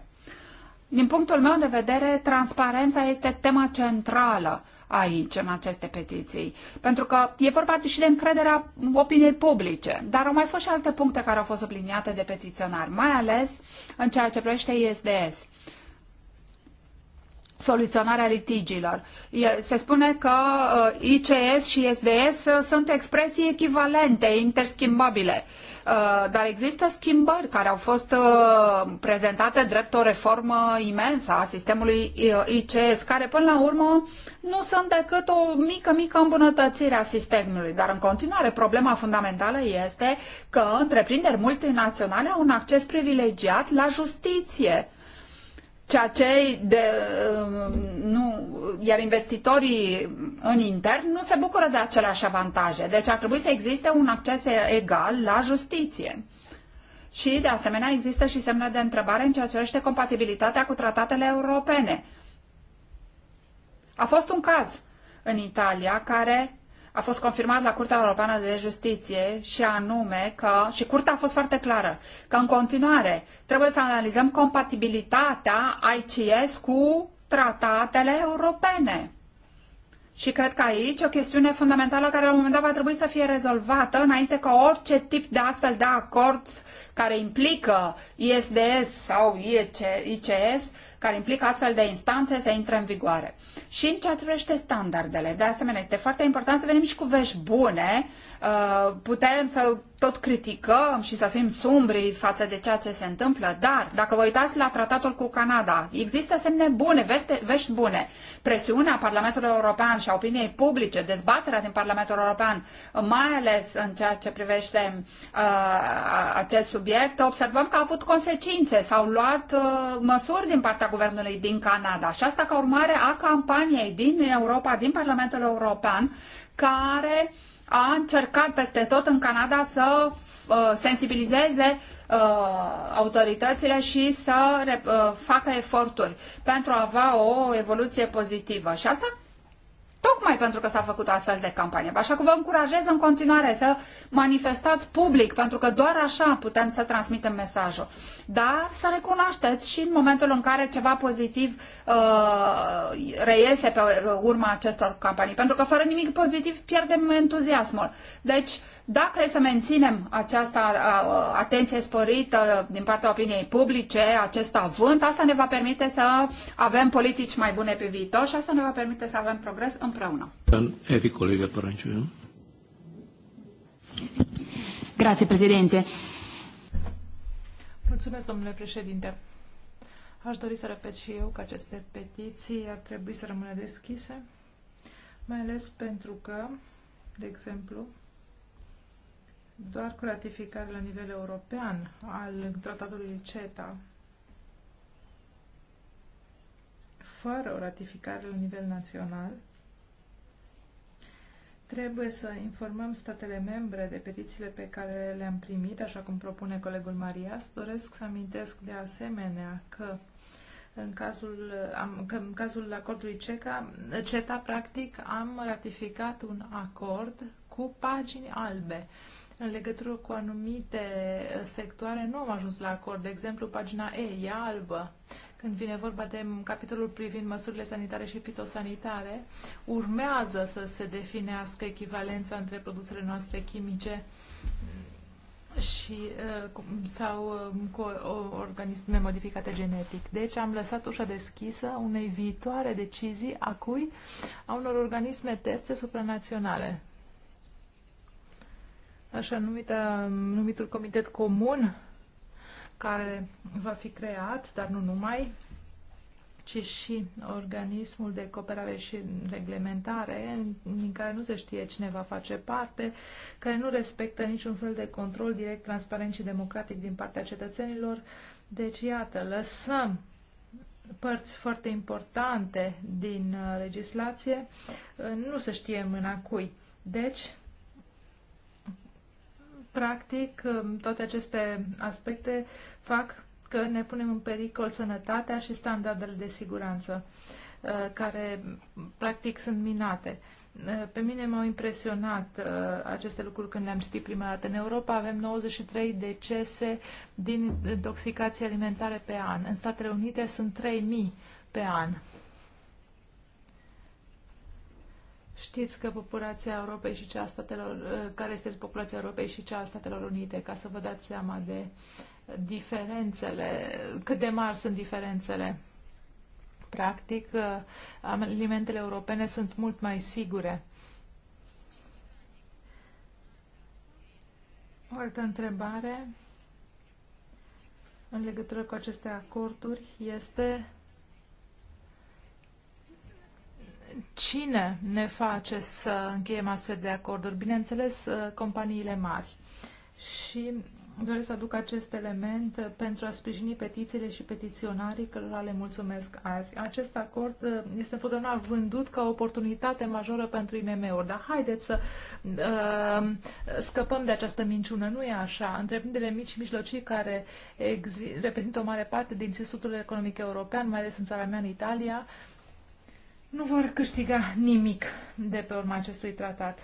Din punctul meu de vedere, transparența este tema centrală aici, în aceste petiții. Pentru că e vorba și de încrederea opiniei publice. Dar au mai fost și alte puncte care au fost subliniate de petiționari, mai ales în ceea ce privește ISDS soluționarea litigiilor. Se spune că uh, ICS și SDS uh, sunt expresii echivalente, interschimbabile. Uh, dar există schimbări care au fost uh, prezentate drept o reformă imensă a sistemului uh, ICS, care până la urmă nu sunt decât o mică, mică îmbunătățire a sistemului. Dar în continuare problema fundamentală este că întreprinderi multinaționale au un acces privilegiat la justiție ceea ce de, um, nu, iar investitorii în intern nu se bucură de aceleași avantaje. Deci ar trebui să existe un acces egal la justiție. Și, de asemenea, există și semne de întrebare în ceea ce privește compatibilitatea cu tratatele europene. A fost un caz în Italia care a fost confirmat la Curtea Europeană de Justiție și anume că, și Curtea a fost foarte clară, că în continuare trebuie să analizăm compatibilitatea ICS cu tratatele europene. Și cred că aici e o chestiune fundamentală care la un moment dat va trebui să fie rezolvată înainte ca orice tip de astfel de acord care implică ISDS sau ICS, care implică astfel de instanțe, să intre în vigoare. Și în ceea ce privește standardele, de asemenea, este foarte important să venim și cu vești bune. Uh, putem să tot criticăm și să fim sumbri față de ceea ce se întâmplă, dar dacă vă uitați la tratatul cu Canada, există semne bune, veste, vești bune. Presiunea Parlamentului European și a opiniei publice, dezbaterea din Parlamentul European, mai ales în ceea ce privește uh, acest subiect, subiect, observăm că a avut consecințe, s-au luat uh, măsuri din partea guvernului din Canada și asta ca urmare a campaniei din Europa, din Parlamentul European, care a încercat peste tot în Canada să uh, sensibilizeze uh, autoritățile și să facă eforturi pentru a avea o evoluție pozitivă. Și asta tocmai pentru că s-a făcut o astfel de campanie. Așa că vă încurajez în continuare să manifestați public, pentru că doar așa putem să transmitem mesajul. Dar să recunoașteți și în momentul în care ceva pozitiv uh, reiese pe urma acestor campanii, pentru că fără nimic pozitiv pierdem entuziasmul. Deci dacă e să menținem această atenție sporită din partea opiniei publice, acest avânt, asta ne va permite să avem politici mai bune pe viitor și asta ne va permite să avem progres împreună. Evi, colegă Părânciu. Grazie, președinte. Mulțumesc, domnule președinte. Aș dori să repet și eu că aceste petiții ar trebui să rămână deschise, mai ales pentru că, de exemplu, doar cu ratificare la nivel european al tratatului CETA, fără o ratificare la nivel național, trebuie să informăm statele membre de petițiile pe care le-am primit, așa cum propune colegul Marias. Doresc să amintesc de asemenea că în cazul, am, că în cazul acordului CECA, CETA, practic, am ratificat un acord cu pagini albe în legătură cu anumite uh, sectoare nu am ajuns la acord. De exemplu, pagina E, e albă. Când vine vorba de capitolul privind măsurile sanitare și fitosanitare, urmează să se definească echivalența între produsele noastre chimice și uh, sau um, cu organisme modificate genetic. Deci am lăsat ușa deschisă unei viitoare decizii a cui a unor organisme terțe supranaționale așa numită, numitul comitet comun care va fi creat, dar nu numai, ci și organismul de cooperare și reglementare, din care nu se știe cine va face parte, care nu respectă niciun fel de control direct, transparent și democratic din partea cetățenilor. Deci, iată, lăsăm părți foarte importante din uh, legislație, uh, nu se știe în mâna cui. Deci, Practic, um, toate aceste aspecte fac că ne punem în pericol sănătatea și standardele de siguranță, uh, care practic sunt minate. Uh, pe mine m-au impresionat uh, aceste lucruri când le-am citit prima dată. În Europa avem 93 decese din intoxicații alimentare pe an. În Statele Unite sunt 3.000 pe an. Știți că populația Europei și cea a statelor, uh, care este populația Europei și cea a Statelor Unite, ca să vă dați seama de diferențele, cât de mari sunt diferențele. Practic, uh, alimentele europene sunt mult mai sigure. O altă întrebare în legătură cu aceste acorduri este cine ne face să încheiem astfel de acorduri? Bineînțeles, uh, companiile mari. Și doresc să aduc acest element uh, pentru a sprijini petițiile și petiționarii cărora le mulțumesc azi. Acest acord uh, este întotdeauna vândut ca o oportunitate majoră pentru IMM-uri, dar haideți să uh, scăpăm de această minciună. Nu e așa. Întreprinderile mici și mijlocii care reprezintă o mare parte din țesutul economic european, mai ales în țara mea, în Italia, uh, nu vor câștiga nimic de pe urma acestui tratat.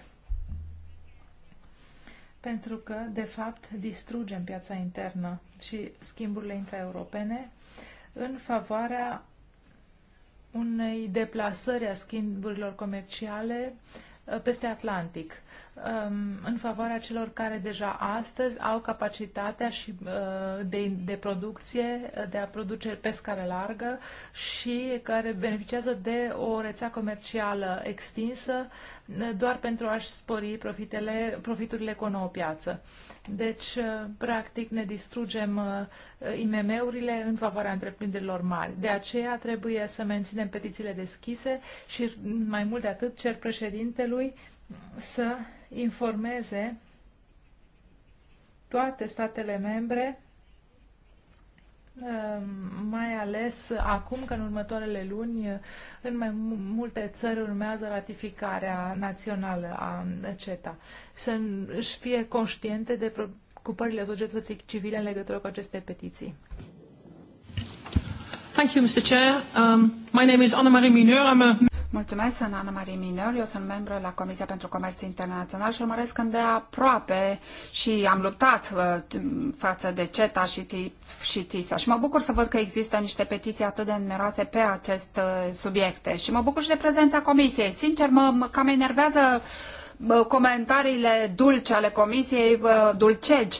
Pentru că, de fapt, distrugem piața internă și schimburile intraeuropene în favoarea unei deplasări a schimburilor comerciale uh, peste Atlantic. Um, în favoarea celor care deja astăzi au capacitatea și uh, de, de producție, de a produce pe scară largă și care beneficiază de o rețea comercială extinsă uh, doar pentru a-și spori profitele, profiturile cu o nouă piață. Deci, uh, practic, ne distrugem IMM-urile în favoarea întreprinderilor mari. De aceea trebuie să menținem petițiile deschise și, mai mult de atât, cer președintelui să informeze toate statele membre, um, mai ales acum că în următoarele luni în mai multe țări urmează ratificarea națională a CETA. Să își fie conștiente de preocupările societății civile în legătură cu aceste petiții. Thank you, Mr. Chair. Um, my name is Anna-Marie Mineur. I'm a Mulțumesc, sunt Ana Marie Minel, eu sunt membru la Comisia pentru Comerț Internațional și urmăresc aproape și am luptat uh, față de CETA și, T- și TISA și mă bucur să văd că există niște petiții atât de numeroase pe acest uh, subiecte și mă bucur și de prezența Comisiei. Sincer, mă, mă cam enervează uh, comentariile dulce ale comisiei dulcegi.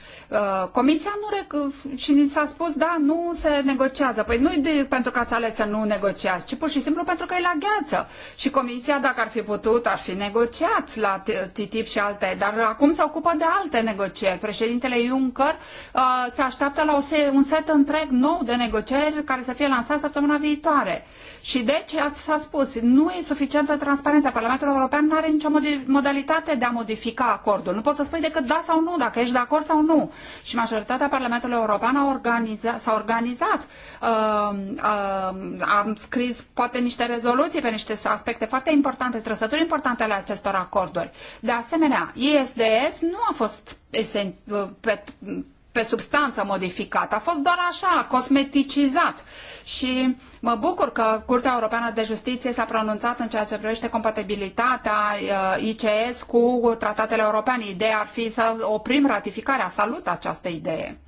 Comisia nu rec- și s-a spus, da, nu se negociază. Păi nu e pentru că ați ales să nu negociați, ci pur și simplu pentru că e la gheață. Și comisia, dacă ar fi putut, ar fi negociat la TTIP și alte, dar acum se ocupă de alte negocieri. Președintele Juncker uh, se așteaptă la un set întreg nou de negocieri care să fie lansat săptămâna viitoare. Și deci, ați s-a spus, nu e suficientă transparența. Parlamentul European nu are nicio modalitate posibilitate de a modifica acordul. Nu poți să spui decât da sau nu, dacă ești de acord sau nu. Și majoritatea Parlamentului European a organizat, s-a organizat. Uh, uh, am scris poate niște rezoluții pe niște aspecte foarte importante, trăsături importante ale acestor acorduri. De asemenea, ISDS nu a fost esen, uh, pe, pe substanță modificată. A fost doar așa, cosmeticizat. Și mă bucur că Curtea Europeană de Justiție s-a pronunțat în ceea ce privește compatibilitatea uh, ICS cu tratatele europene. Ideea ar fi să oprim ratificarea. Salut această idee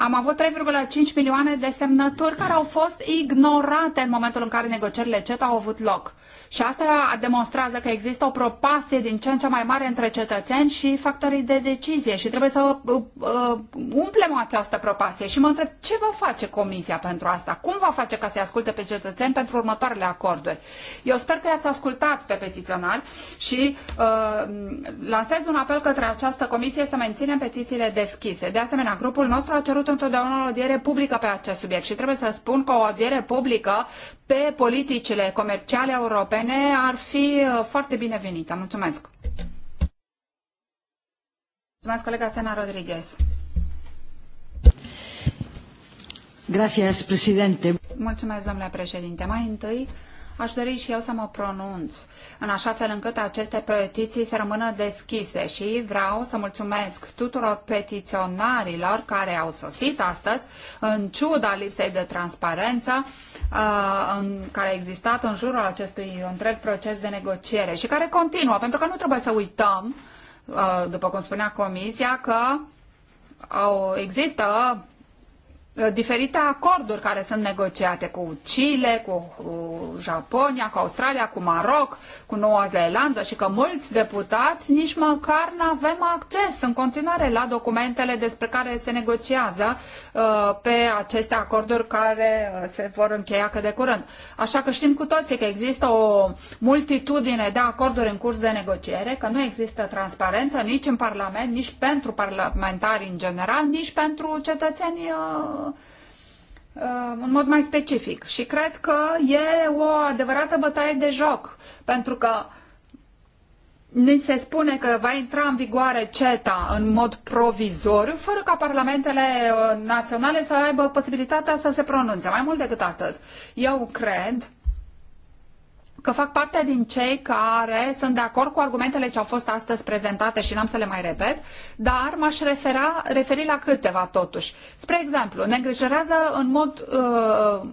am avut 3,5 milioane de semnături care au fost ignorate în momentul în care negocierile CETA au avut loc. Și asta demonstrează că există o propastie din ce în ce mai mare între cetățeni și factorii de decizie și trebuie să uh, uh, umplem această propastie. Și mă întreb ce va face Comisia pentru asta? Cum va face ca să-i asculte pe cetățeni pentru următoarele acorduri? Eu sper că i-ați ascultat pe petițional și uh, lansez un apel către această comisie să menținem petițiile deschise. De asemenea, grupul nostru a cerut făcut întotdeauna o audiere publică pe acest subiect și trebuie să spun că o audiere publică pe politicile comerciale europene ar fi uh, foarte binevenită. Mulțumesc! Mulțumesc, colega Sena Rodriguez. Gracias, presidente. Mulțumesc, domnule președinte. Mai întâi, Aș dori și eu să mă pronunț în așa fel încât aceste petiții să rămână deschise și vreau să mulțumesc tuturor petiționarilor care au sosit astăzi, în ciuda lipsei de transparență uh, care a existat în jurul acestui întreg proces de negociere și care continuă, pentru că nu trebuie să uităm, uh, după cum spunea Comisia, că au, există Uh, diferite acorduri care sunt negociate cu Chile, cu, Japonia, cu Australia, cu Maroc, cu Noua Zeelandă și că mulți deputați nici măcar nu avem acces în continuare la documentele despre care se negociază uh, pe aceste acorduri care uh, se vor încheia cât de curând. Așa că știm cu toții că există o multitudine de acorduri în curs de negociere, că nu există transparență nici în Parlament, nici pentru parlamentari în general, nici pentru cetățenii Uh, în mod mai specific. Și cred că e o adevărată bătaie de joc, pentru că ni se spune că va intra în vigoare CETA în mod provizoriu, fără ca parlamentele uh, naționale să aibă posibilitatea să se pronunțe. Mai mult decât atât, eu cred că fac parte din cei care sunt de acord cu argumentele ce au fost astăzi prezentate și n-am să le mai repet, dar m-aș refera, referi la câteva totuși. Spre exemplu, ne îngrijorează în mod uh,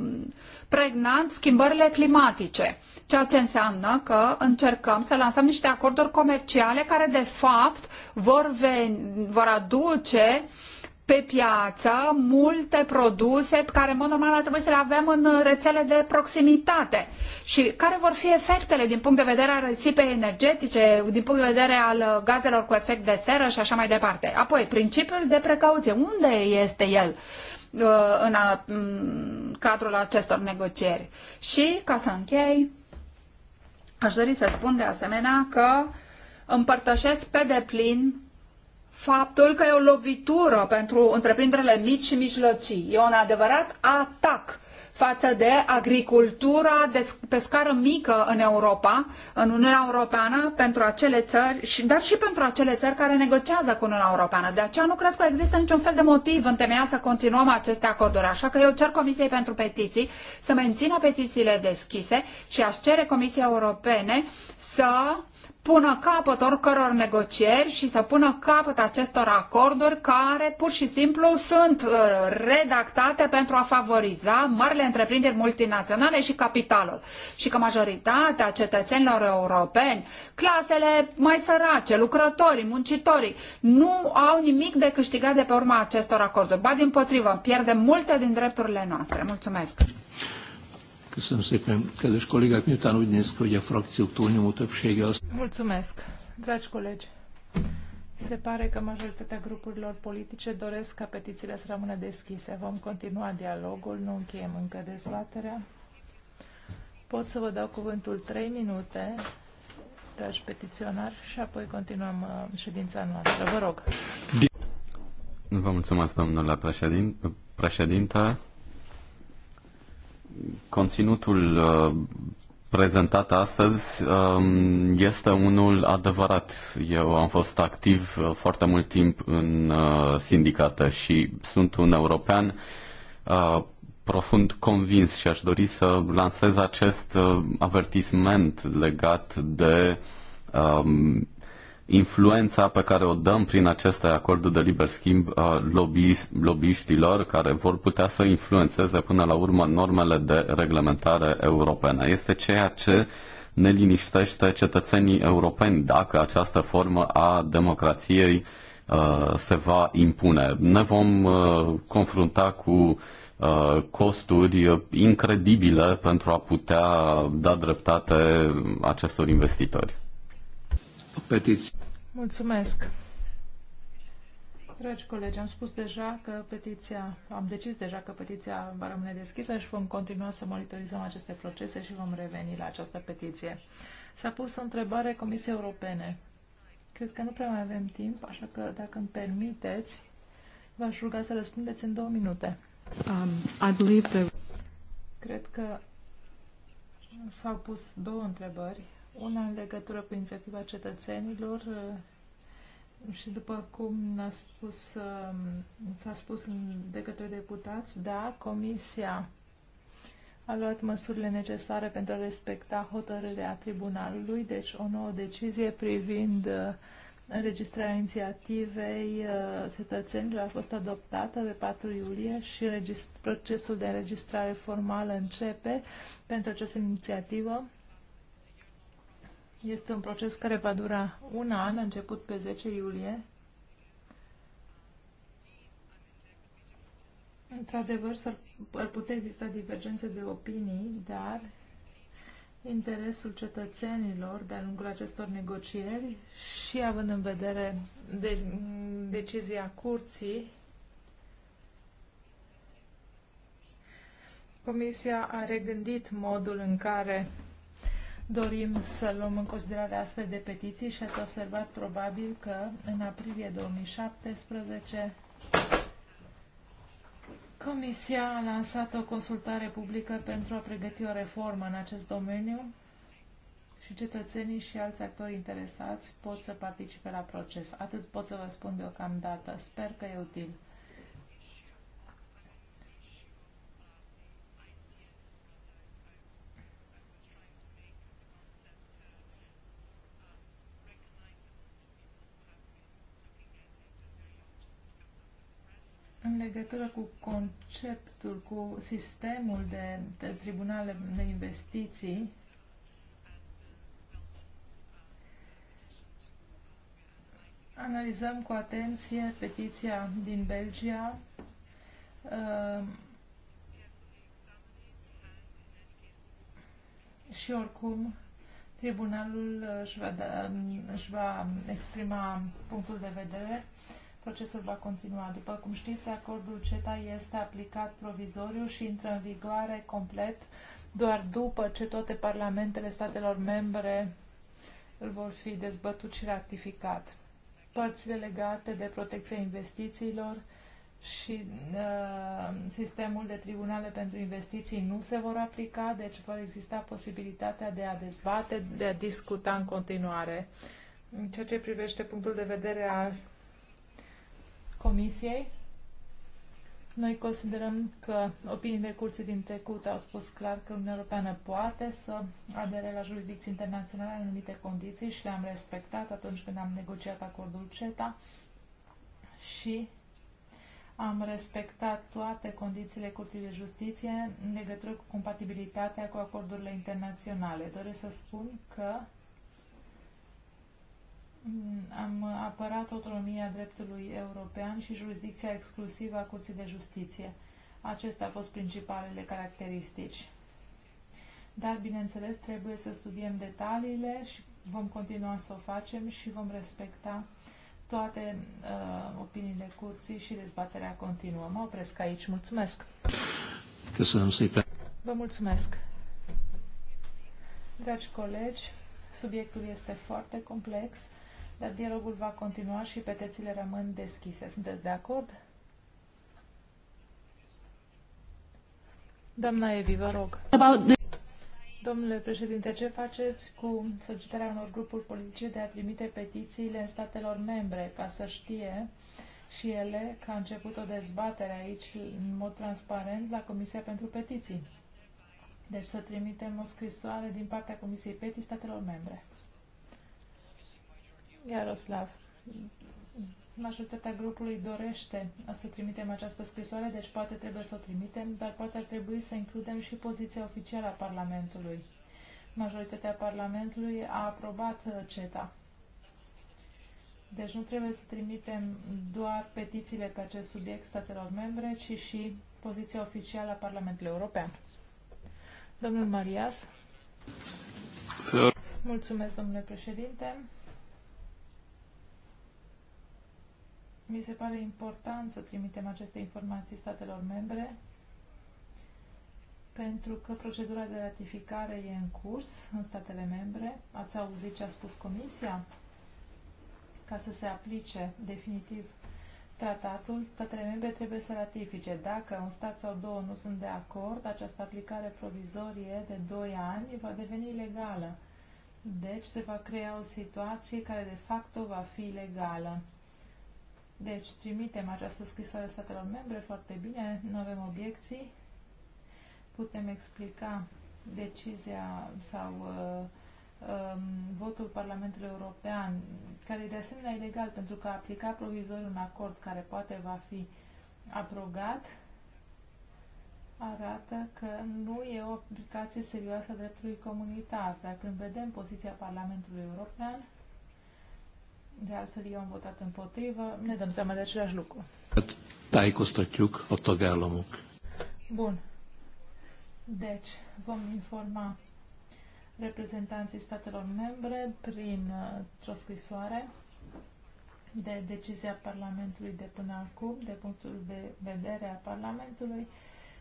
pregnant schimbările climatice, ceea ce înseamnă că încercăm să lansăm niște acorduri comerciale care de fapt vor, veni, vor aduce uh, pe piață multe produse care, în mod normal, ar trebui să le avem în rețele de proximitate. Și care vor fi efectele din punct de vedere al rețipei energetice, din punct de vedere al gazelor cu efect de seră și așa mai departe. Apoi, principiul de precauție. Unde este el? Uh, în, a, mm, cadrul acestor negocieri. Și, ca să închei, aș dori să spun de asemenea că împărtășesc pe deplin faptul că e o lovitură pentru întreprinderile mici și mijlocii. E un adevărat atac față de agricultura de, pe scară mică în Europa, în Uniunea Europeană, pentru acele țări, dar și pentru acele țări care negociază cu Uniunea Europeană. De aceea nu cred că există niciun fel de motiv întemeiat să continuăm aceste acorduri. Așa că eu cer Comisiei pentru Petiții să mențină petițiile deschise și aș cere Comisiei Europene să pună capăt oricăror negocieri și să pună capăt acestor acorduri care pur și simplu sunt uh, redactate pentru a favoriza marile întreprinderi multinaționale și capitalul. Și că majoritatea cetățenilor europeni, clasele mai sărace, lucrătorii, muncitorii, nu au nimic de câștigat de pe urma acestor acorduri. Ba din potrivă, pierdem multe din drepturile noastre. Mulțumesc! Köszönöm szépen, kedves kollégák! Miután úgy néz ki, hogy a frakciók túlnyomó többsége az... Mulțumesc, dragi colegi! Se pare că majoritatea grupurilor politice doresc ca petițiile să rămână deschise. Vom continua dialogul, nu încheiem încă dezbaterea. Pot să vă dau cuvântul 3 minute, dragi petiționari, și apoi continuăm uh, ședința noastră. Vă rog! Vă mulțumesc, domnule președinte. președinte conținutul uh, prezentat astăzi um, este unul adevărat. Eu am fost activ uh, foarte mult timp în uh, sindicată și sunt un european profund convins și aș dori să lansez acest avertisment legat de um, influența pe care o dăm prin aceste acorduri de liber schimb a uh, lobbyiștilor care vor putea să influențeze până la urmă normele de reglementare europene. Este ceea ce ne liniștește cetățenii europeni dacă această formă a democrației uh, se va impune. Ne vom uh, confrunta cu costuri incredibile pentru a putea da dreptate acestor investitori. Mulțumesc. Dragi colegi, am spus deja că petiția, am decis deja că petiția va rămâne deschisă și vom continua să monitorizăm aceste procese și vom reveni la această petiție. S-a pus o întrebare Comisiei Europene. Cred că nu prea mai avem timp, așa că dacă îmi permiteți, v-aș ruga să răspundeți în două minute. Um, I believe that... Cred că s-au pus două întrebări una în legătură cu inițiativa cetățenilor uh, și după cum a spus, um, s-a spus de către deputați, da, Comisia a luat măsurile necesare pentru a respecta hotărârea tribunalului, deci o nouă decizie privind uh, înregistrarea inițiativei uh, cetățenilor a fost adoptată pe 4 iulie și procesul de înregistrare formală începe pentru această inițiativă este un proces care va dura un an, început pe 10 iulie. Într-adevăr, ar putea exista divergențe de opinii, dar interesul cetățenilor de-a lungul acestor negocieri și având în vedere de, decizia curții, Comisia a regândit modul în care dorim să luăm în considerare astfel de petiții și ați observat probabil că în aprilie 2017 Comisia a lansat o consultare publică pentru a pregăti o reformă în acest domeniu și cetățenii și alți actori interesați pot să participe la proces. Atât pot să vă spun deocamdată. Sper că e util. legătură cu conceptul, cu sistemul de, de tribunale de investiții. Analizăm cu atenție petiția din Belgia. Uh, și oricum tribunalul își va, da, își va exprima punctul de vedere Procesul va continua. După cum știți, acordul CETA este aplicat provizoriu și intră în vigoare complet doar după ce toate parlamentele statelor membre îl vor fi dezbătut și ratificat. Părțile legate de protecția investițiilor și uh, sistemul de tribunale pentru investiții nu se vor aplica, deci vor exista posibilitatea de a dezbate, de a discuta în continuare. În ceea ce privește punctul de vedere al Comisiei. Noi considerăm că opiniile curții din trecut au spus clar că Uniunea Europeană poate să adere la jurisdicții internaționale în anumite condiții și le-am respectat atunci când am negociat acordul CETA și am respectat toate condițiile Curții de Justiție în legătură cu compatibilitatea cu acordurile internaționale. Doresc să spun că Mm, am apărat autonomia dreptului european și jurisdicția exclusivă a Curții de Justiție. Acestea au fost principalele caracteristici. Dar, bineînțeles, trebuie să studiem detaliile și vom continua să o facem și vom respecta toate uh, opiniile curții și dezbaterea continuă. Mă opresc aici. Mulțumesc! Vă mulțumesc! Dragi colegi, subiectul este foarte complex dar dialogul va continua și petețile rămân deschise. Sunteți de acord? Doamna Evi, vă rog. Domnule președinte, ce faceți cu solicitarea unor grupuri politice de a trimite petițiile în statelor membre ca să știe și ele că a început o dezbatere aici în mod transparent la Comisia pentru Petiții? Deci să trimitem o scrisoare din partea Comisiei Petiții statelor membre. Iaroslav, majoritatea grupului dorește să trimitem această scrisoare, deci poate trebuie să o trimitem, dar poate ar trebui să includem și poziția oficială a Parlamentului. Majoritatea Parlamentului a aprobat uh, CETA. Deci nu trebuie să trimitem doar petițiile pe acest subiect statelor membre, ci și poziția oficială a Parlamentului European. Domnul Marias. Mulțumesc, domnule președinte. Mi se pare important să trimitem aceste informații statelor membre pentru că procedura de ratificare e în curs în statele membre. Ați auzit ce a spus Comisia? Ca să se aplice definitiv tratatul, statele membre trebuie să ratifice. Dacă un stat sau două nu sunt de acord, această aplicare provizorie de 2 ani va deveni legală. Deci se va crea o situație care de facto va fi legală. Deci trimitem această scrisoare statelor membre foarte bine, nu avem obiecții. Putem explica decizia sau uh, um, votul Parlamentului European, care e de asemenea ilegal pentru că a aplicat provizoriu un acord care poate va fi abrogat, arată că nu e o aplicație serioasă a dreptului comunitar. Dar când vedem poziția Parlamentului European, de altfel, eu am votat împotrivă. Ne dăm seama de același lucru. Tájékoztatjuk a tagállamok. Bun. Deci, vom informa reprezentanții statelor membre prin uh, o scrisoare de decizia Parlamentului de până acum, de punctul de vedere a Parlamentului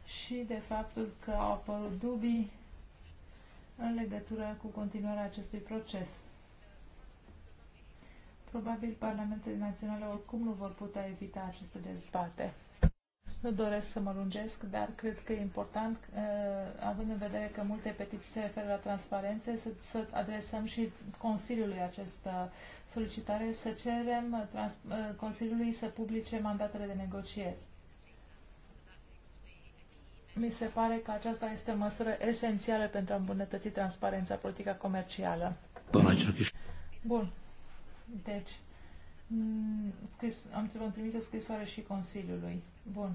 și de faptul că au apărut dubii în legătură cu continuarea acestui proces probabil parlamentele naționale oricum nu vor putea evita aceste dezbate. Nu doresc să mă lungesc, dar cred că e important, uh, având în vedere că multe petiții se referă la transparență, să, să adresăm și Consiliului această solicitare, să cerem uh, trans, uh, Consiliului să publice mandatele de negocieri. Mi se pare că aceasta este o măsură esențială pentru a îmbunătăți transparența politica comercială. Bun. Deci, mm, scris, am să vă trimit o scrisoare și Consiliului. Bun.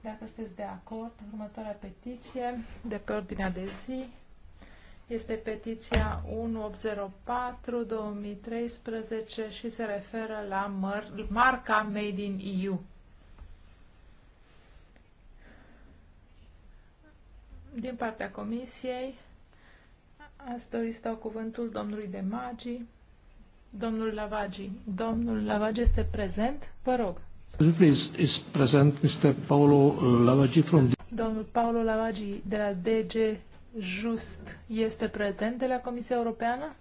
Dacă sunteți de acord, următoarea petiție de pe ordinea de zi este petiția 1804-2013 și se referă la mar- marca Made in EU. Din partea Comisiei, ați dori să dau cuvântul domnului De Magii. Domnul Lavagi. Domnul Lavagi este prezent? Vă rog. Please, is present Mr. Paolo Lavagi from... Domnul Paolo Lavagi de la DG Just este prezent de la Comisia Europeană?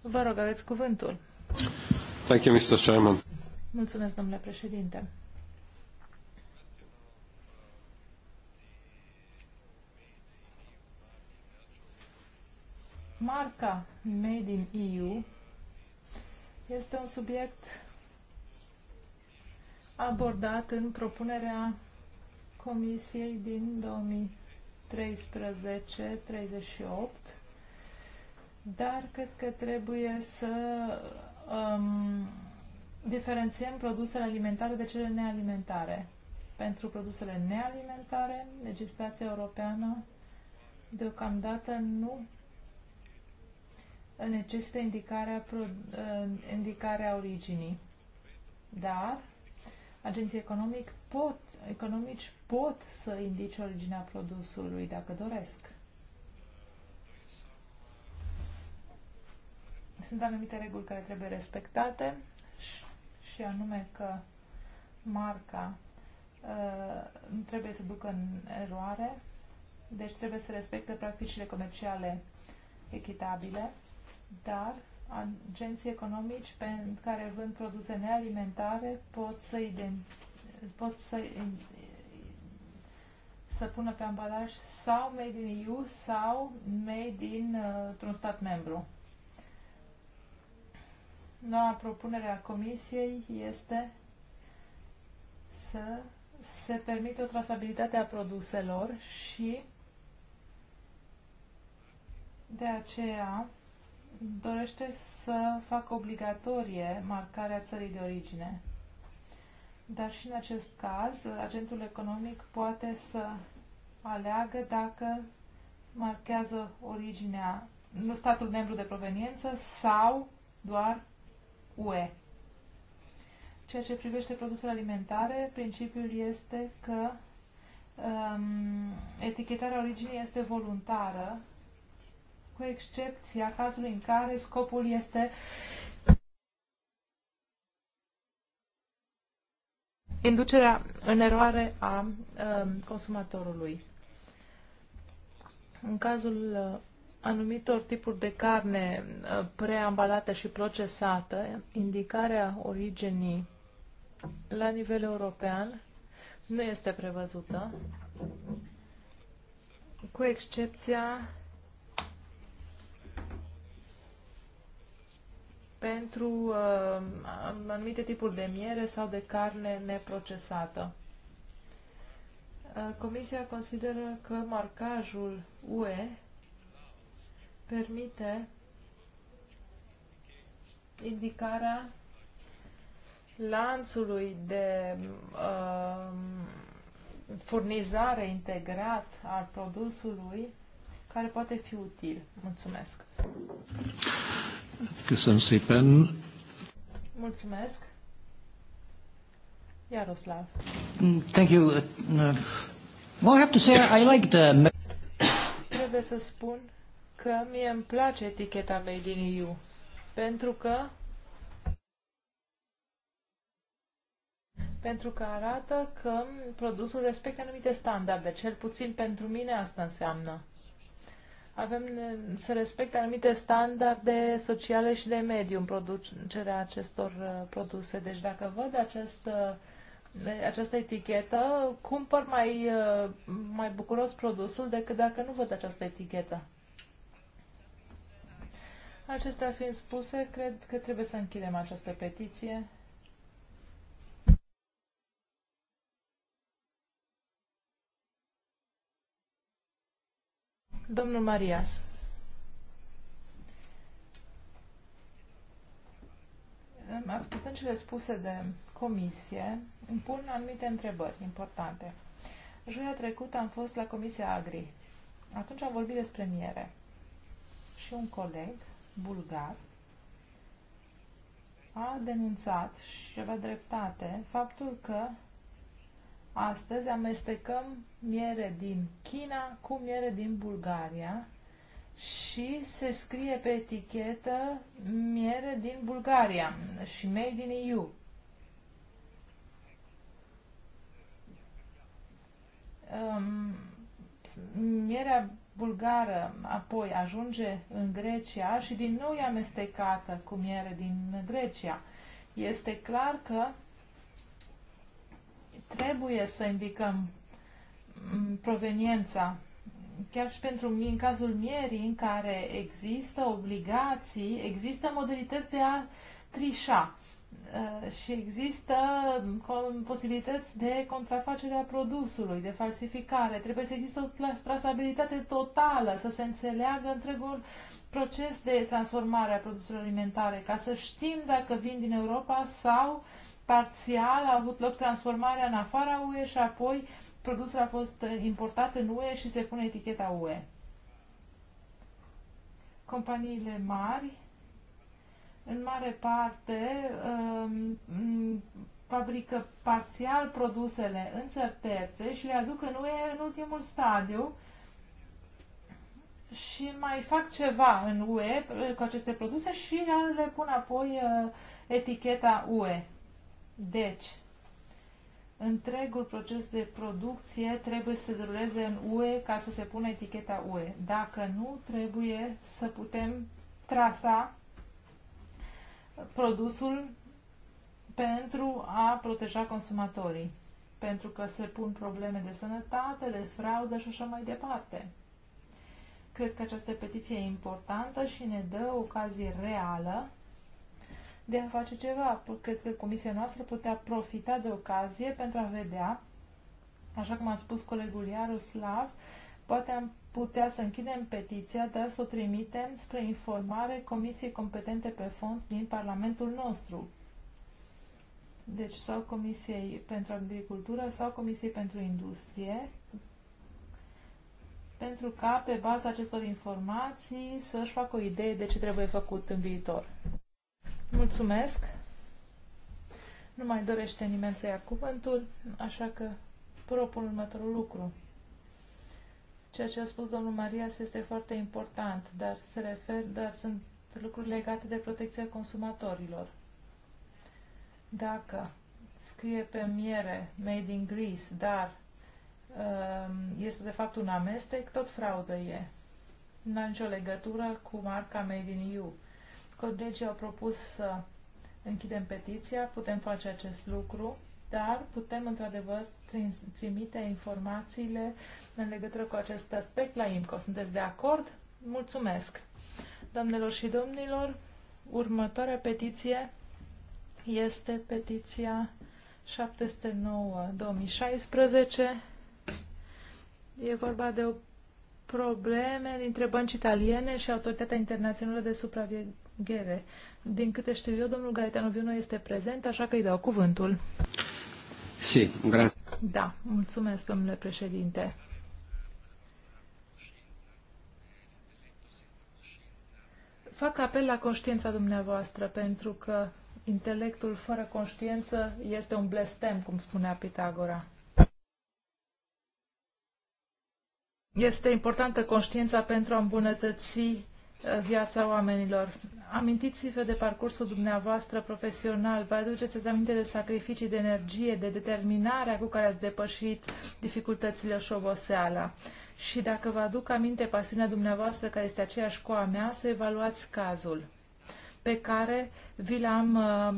Vă rog, aveți cuvântul. Thank you, Mr. Chairman. Mulțumesc, domnule președinte. Marca Made in EU este un subiect abordat în propunerea Comisiei din 2013-38, dar cred că trebuie să um, diferențiem produsele alimentare de cele nealimentare. Pentru produsele nealimentare, legislația europeană deocamdată nu necesită indicarea, pro, eh, indicarea originii. Dar agenții economic pot, economici pot să indice originea produsului dacă doresc. Sunt anumite reguli care trebuie respectate și, și anume că marca uh, nu trebuie să ducă în eroare, deci trebuie să respecte practicile comerciale echitabile dar agenții economici pe care vând produse nealimentare pot să, pot să, să pună pe ambalaj sau made in EU sau made in uh, un stat membru. Noua propunere a Comisiei este să se permite o trasabilitate a produselor și de aceea dorește să facă obligatorie marcarea țării de origine. Dar și în acest caz, agentul economic poate să aleagă dacă marchează originea, nu statul membru de proveniență sau doar UE. Ceea ce privește produsele alimentare, principiul este că um, etichetarea originii este voluntară cu excepția cazului în care scopul este inducerea în eroare a um, consumatorului. În cazul uh, anumitor tipuri de carne uh, preambalată și procesată, indicarea originii la nivel european nu este prevăzută, cu excepția pentru uh, anumite tipuri de miere sau de carne neprocesată. Uh, Comisia consideră că marcajul UE permite indicarea lanțului de uh, furnizare integrat al produsului care poate fi util. Mulțumesc! Köszönöm Sipen. Mulțumesc! Jaroslav. Thank you. Uh, well, I have to say I like the... Trebuie să spun că mie îmi place eticheta Made in EU, pentru că pentru că arată că produsul respectă anumite standarde. Cel puțin pentru mine asta înseamnă avem să respecte anumite standarde sociale și de mediu în producerea acestor uh, produse. Deci dacă văd această, uh, această etichetă, cumpăr mai, uh, mai bucuros produsul decât dacă nu văd această etichetă. Acestea fiind spuse, cred că trebuie să închidem această petiție. Domnul Marias. Ascultând cele spuse de comisie, îmi pun anumite întrebări importante. Joia trecută am fost la Comisia Agri. Atunci am vorbit despre miere. Și un coleg bulgar a denunțat și avea dreptate faptul că Astăzi amestecăm miere din China cu miere din Bulgaria și se scrie pe etichetă miere din Bulgaria și made in EU. Um, mierea bulgară apoi ajunge în Grecia și din nou e amestecată cu miere din Grecia. Este clar că trebuie să indicăm mm, proveniența. Chiar și pentru în cazul mierii în care există obligații, există modalități de a trișa uh, și există mm, posibilități de contrafacere a produsului, de falsificare. Trebuie să există o trasabilitate totală, să se înțeleagă întregul proces de transformare a produselor alimentare, ca să știm dacă vin din Europa sau parțial a avut loc transformarea în afara UE și apoi produsul a fost importat în UE și se pune eticheta UE. Companiile mari, în mare parte, um, fabrică parțial produsele în țări terțe și le aduc în UE în ultimul stadiu și mai fac ceva în UE cu aceste produse și le pun apoi uh, eticheta UE. Deci, întregul proces de producție trebuie să dureze în UE ca să se pună eticheta UE. Dacă nu, trebuie să putem trasa produsul pentru a proteja consumatorii, pentru că se pun probleme de sănătate, de fraudă și așa mai departe. Cred că această petiție e importantă și ne dă ocazie reală de a face ceva. Cred că comisia noastră putea profita de ocazie pentru a vedea, așa cum a spus colegul Iaroslav, poate am putea să închidem petiția, dar să o trimitem spre informare comisiei competente pe fond din Parlamentul nostru. Deci sau Comisiei pentru Agricultură sau Comisiei pentru Industrie, pentru ca pe baza acestor informații să-și facă o idee de ce trebuie făcut în viitor. Mulțumesc. Nu mai dorește nimeni să ia cuvântul, așa că propun următorul lucru. Ceea ce a spus domnul Marias este foarte important, dar se refer, dar sunt lucruri legate de protecția consumatorilor. Dacă scrie pe miere Made in Greece, dar um, este de fapt un amestec, tot fraudă e. Nu are nicio legătură cu marca Made in you. Colegii au propus să închidem petiția, putem face acest lucru, dar putem într-adevăr trimite informațiile în legătură cu acest aspect la IMCO. Sunteți de acord? Mulțumesc! Doamnelor și domnilor, următoarea petiție este petiția 709-2016. E vorba de o probleme dintre bănci italiene și Autoritatea Internațională de Supraveghere Ghere. Din câte știu eu, domnul Gaetano Viu nu este prezent, așa că îi dau cuvântul. Si, gra- Da, mulțumesc, domnule președinte. Fac apel la conștiința dumneavoastră, pentru că intelectul fără conștiință este un blestem, cum spunea Pitagora. Este importantă conștiința pentru a îmbunătăți viața oamenilor. Amintiți-vă de parcursul dumneavoastră profesional, vă aduceți aminte de sacrificii, de energie, de determinarea cu care ați depășit dificultățile și oboseala. Și dacă vă aduc aminte pasiunea dumneavoastră, care este aceeași cu a mea, să evaluați cazul pe care vi l-am uh,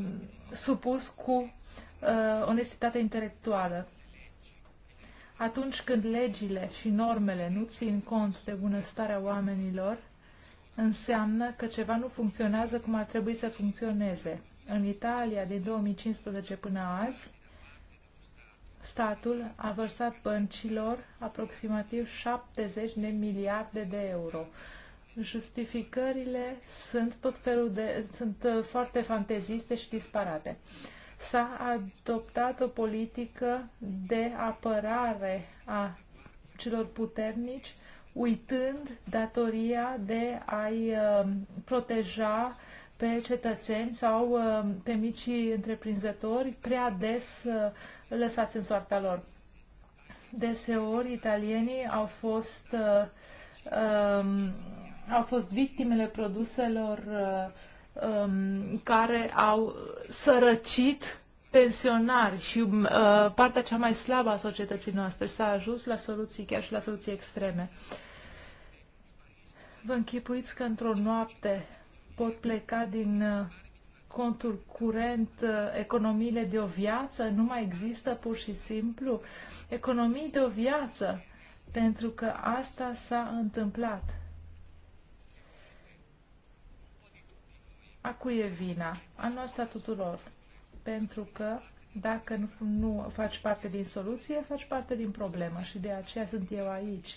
supus cu uh, onestitate intelectuală. Atunci când legile și normele nu țin cont de bunăstarea oamenilor, înseamnă că ceva nu funcționează cum ar trebui să funcționeze. În Italia, de 2015 până azi, statul a vărsat băncilor aproximativ 70 de miliarde de euro. Justificările sunt tot felul de, sunt uh, foarte fanteziste și disparate. S-a adoptat o politică de apărare a celor puternici uitând datoria de a-i uh, proteja pe cetățeni sau uh, pe micii întreprinzători prea des uh, lăsați în soarta lor. Deseori italienii au fost um, au fost victimele produselor um, care au sărăcit pensionari și uh, partea cea mai slabă a societății noastre. S-a ajuns la soluții, chiar și la soluții extreme. Vă închipuiți că într-o noapte pot pleca din uh, contul curent, uh, economiile de o viață, nu mai există pur și simplu economii de o viață, pentru că asta s-a întâmplat. A cui e vina? A noastră tuturor pentru că dacă nu, nu faci parte din soluție, faci parte din problemă și de aceea sunt eu aici.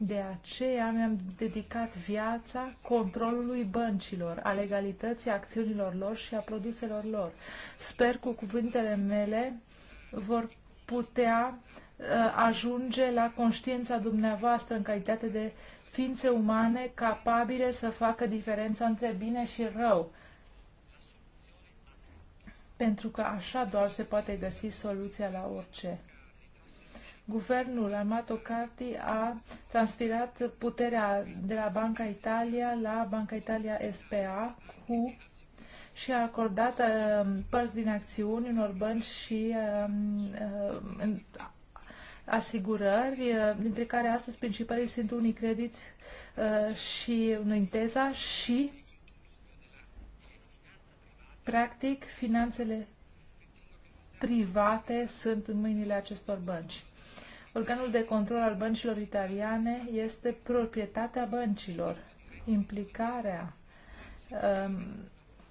De aceea mi-am dedicat viața controlului băncilor, a legalității acțiunilor lor și a produselor lor. Sper cu cuvintele mele vor putea uh, ajunge la conștiința dumneavoastră în calitate de ființe umane capabile să facă diferența între bine și rău pentru că așa doar se poate găsi soluția la orice. Guvernul Armato Carti a transferat puterea de la Banca Italia la Banca Italia SPA cu și a acordat uh, părți din acțiuni unor bănci și um, uh, uh, asigurări, uh, dintre care astăzi principalii sunt credit uh, și Intesa și Practic, finanțele private sunt în mâinile acestor bănci. Organul de control al băncilor italiane este proprietatea băncilor. Implicarea um,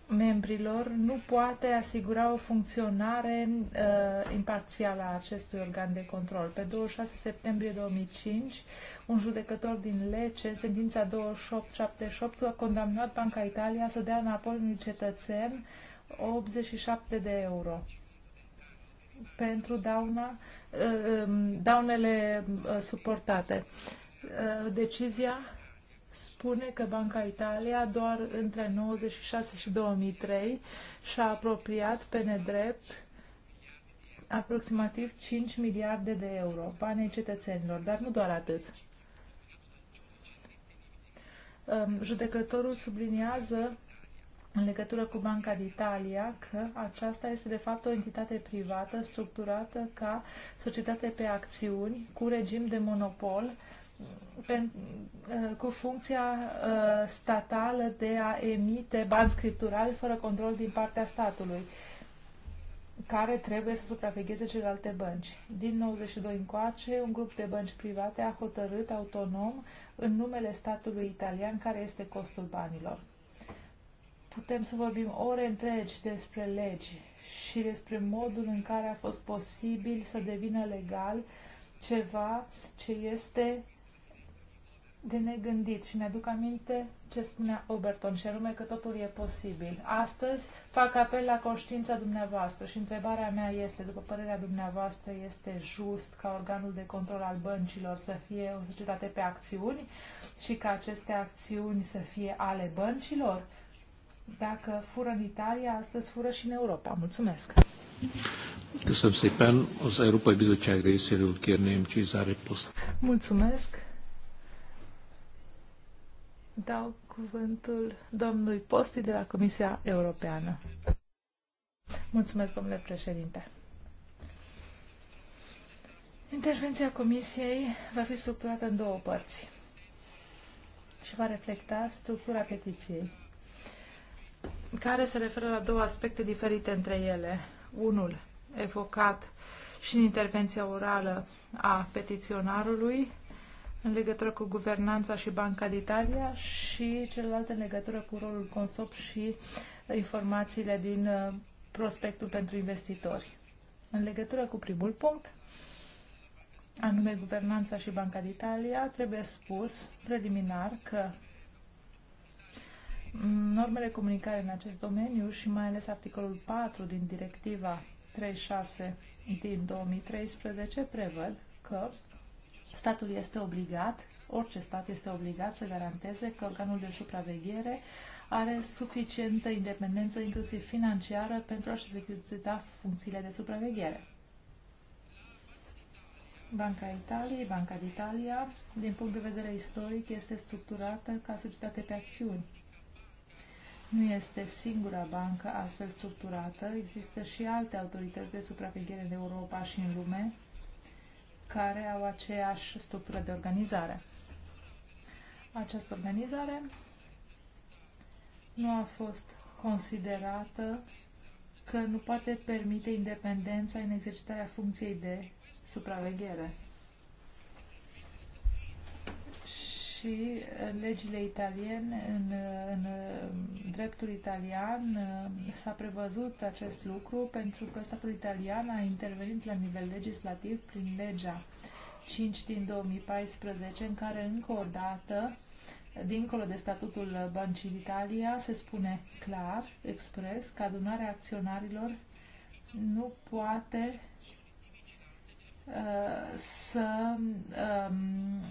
membrilor nu poate asigura o funcționare uh, imparțială a acestui organ de control. Pe 26 septembrie 2005, un judecător din Lece, în sentința 2878, a condamnat Banca Italia să dea înapoi unui cetățen 87 de euro pentru dauna, uh, um, daunele uh, suportate. Uh, decizia spune că Banca Italia doar între 96 și 2003 și-a apropiat pe nedrept aproximativ 5 miliarde de euro, banii cetățenilor, dar nu doar atât. Um, judecătorul subliniază în legătură cu Banca d'Italia că aceasta este de fapt o entitate privată structurată ca societate pe acțiuni cu regim de monopol pen, uh, cu funcția uh, statală de a emite bani scripturali fără control din partea statului, care trebuie să supravegheze celelalte bănci. Din 92 încoace, un grup de bănci private a hotărât autonom în numele statului italian care este costul banilor. Putem să vorbim ore întregi despre legi și despre modul în care a fost posibil să devină legal ceva ce este de negândit și mi-aduc aminte ce spunea Oberton și anume că totul e posibil. Astăzi fac apel la conștiința dumneavoastră și întrebarea mea este, după părerea dumneavoastră, este just ca organul de control al băncilor să fie o societate pe acțiuni și ca aceste acțiuni să fie ale băncilor? Dacă fură în Italia, astăzi fură și în Europa. Mulțumesc! Mulțumesc! Mulțumesc! Dau cuvântul domnului Posti de la Comisia Europeană. Mulțumesc, domnule președinte. Intervenția Comisiei va fi structurată în două părți și va reflecta structura petiției, care se referă la două aspecte diferite între ele. Unul evocat și în intervenția orală a petiționarului în legătură cu guvernanța și Banca de Italia și celălalt în legătură cu rolul CONSOP și informațiile din uh, prospectul pentru investitori. În legătură cu primul punct, anume guvernanța și Banca de Italia, trebuie spus preliminar că normele comunicare în acest domeniu și mai ales articolul 4 din directiva 36 din 2013 prevăd că statul este obligat, orice stat este obligat să garanteze că organul de supraveghere are suficientă independență, inclusiv financiară, pentru a-și executa funcțiile de supraveghere. Banca Italiei, Banca d'Italia, din punct de vedere istoric, este structurată ca societate pe acțiuni. Nu este singura bancă astfel structurată, există și alte autorități de supraveghere în Europa și în lume, care au aceeași structură de organizare. Această organizare nu a fost considerată că nu poate permite independența în exercitarea funcției de supraveghere. și uh, legile italiene, în, uh, în uh, dreptul italian s-a prevăzut acest lucru pentru că statul italian a intervenit la nivel legislativ prin legea 5 din 2014, în care încă o dată, dincolo de statutul Băncii Italia, se spune clar, expres, că adunarea acționarilor nu poate uh, să um,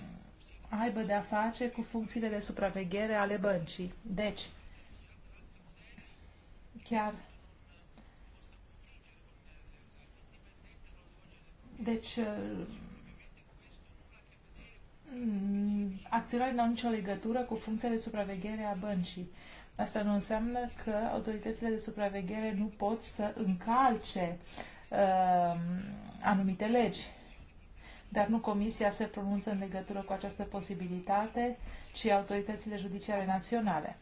aibă de-a face cu funcțiile de supraveghere ale băncii. Deci, chiar Deci, uh, acționarii nu au nicio legătură cu funcția de supraveghere a băncii. Asta nu înseamnă că autoritățile de supraveghere nu pot să încalce uh, anumite legi dar nu Comisia se pronunță în legătură cu această posibilitate, ci autoritățile judiciare naționale.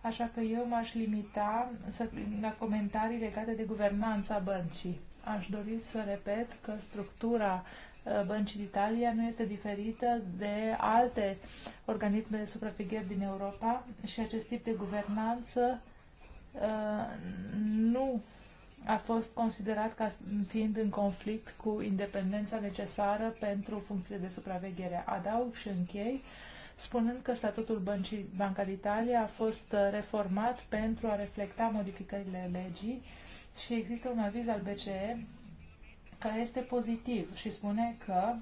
Așa că eu m-aș limita să, la comentarii legate de guvernanța băncii. Aș dori să repet că structura uh, Băncii Italia nu este diferită de alte organisme de supraveghere din Europa și acest tip de guvernanță uh, nu a fost considerat ca fiind în conflict cu independența necesară pentru funcție de supraveghere. Adaug și închei spunând că statutul Băncii Banca d'Italia a fost uh, reformat pentru a reflecta modificările legii și există un aviz al BCE care este pozitiv și spune că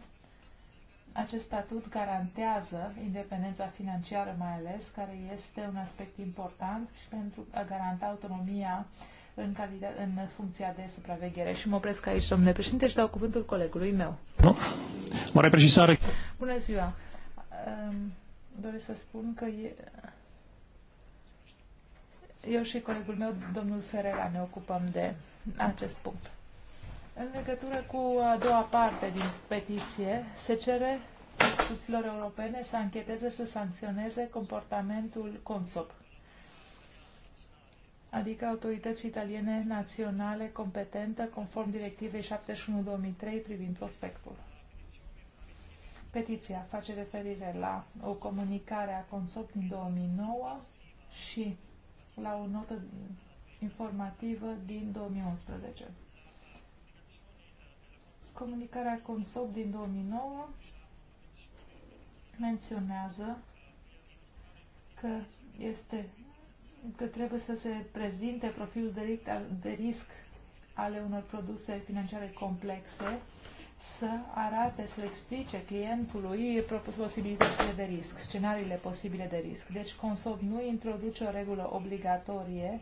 acest statut garantează independența financiară mai ales, care este un aspect important și pentru a garanta autonomia uh, în, calide, în funcția de supraveghere. Și mă opresc aici, domnule președinte, și dau cuvântul colegului meu. Nu? Mare precisare. Bună ziua. Doresc să spun că e... eu și colegul meu, domnul Ferera, ne ocupăm de acest punct. În legătură cu a doua parte din petiție, se cere instituțiilor europene să ancheteze și să sancționeze comportamentul CONSOP, adică autorități italiene naționale competentă conform directivei 71-2003 privind prospectul. Petiția face referire la o comunicare a Consop din 2009 și la o notă informativă din 2011. Comunicarea Consop din 2009 menționează că este că trebuie să se prezinte profilul de, risc de risc ale unor produse financiare complexe, să arate, să explice clientului posibilitățile de risc, scenariile posibile de risc. Deci Consob nu introduce o regulă obligatorie,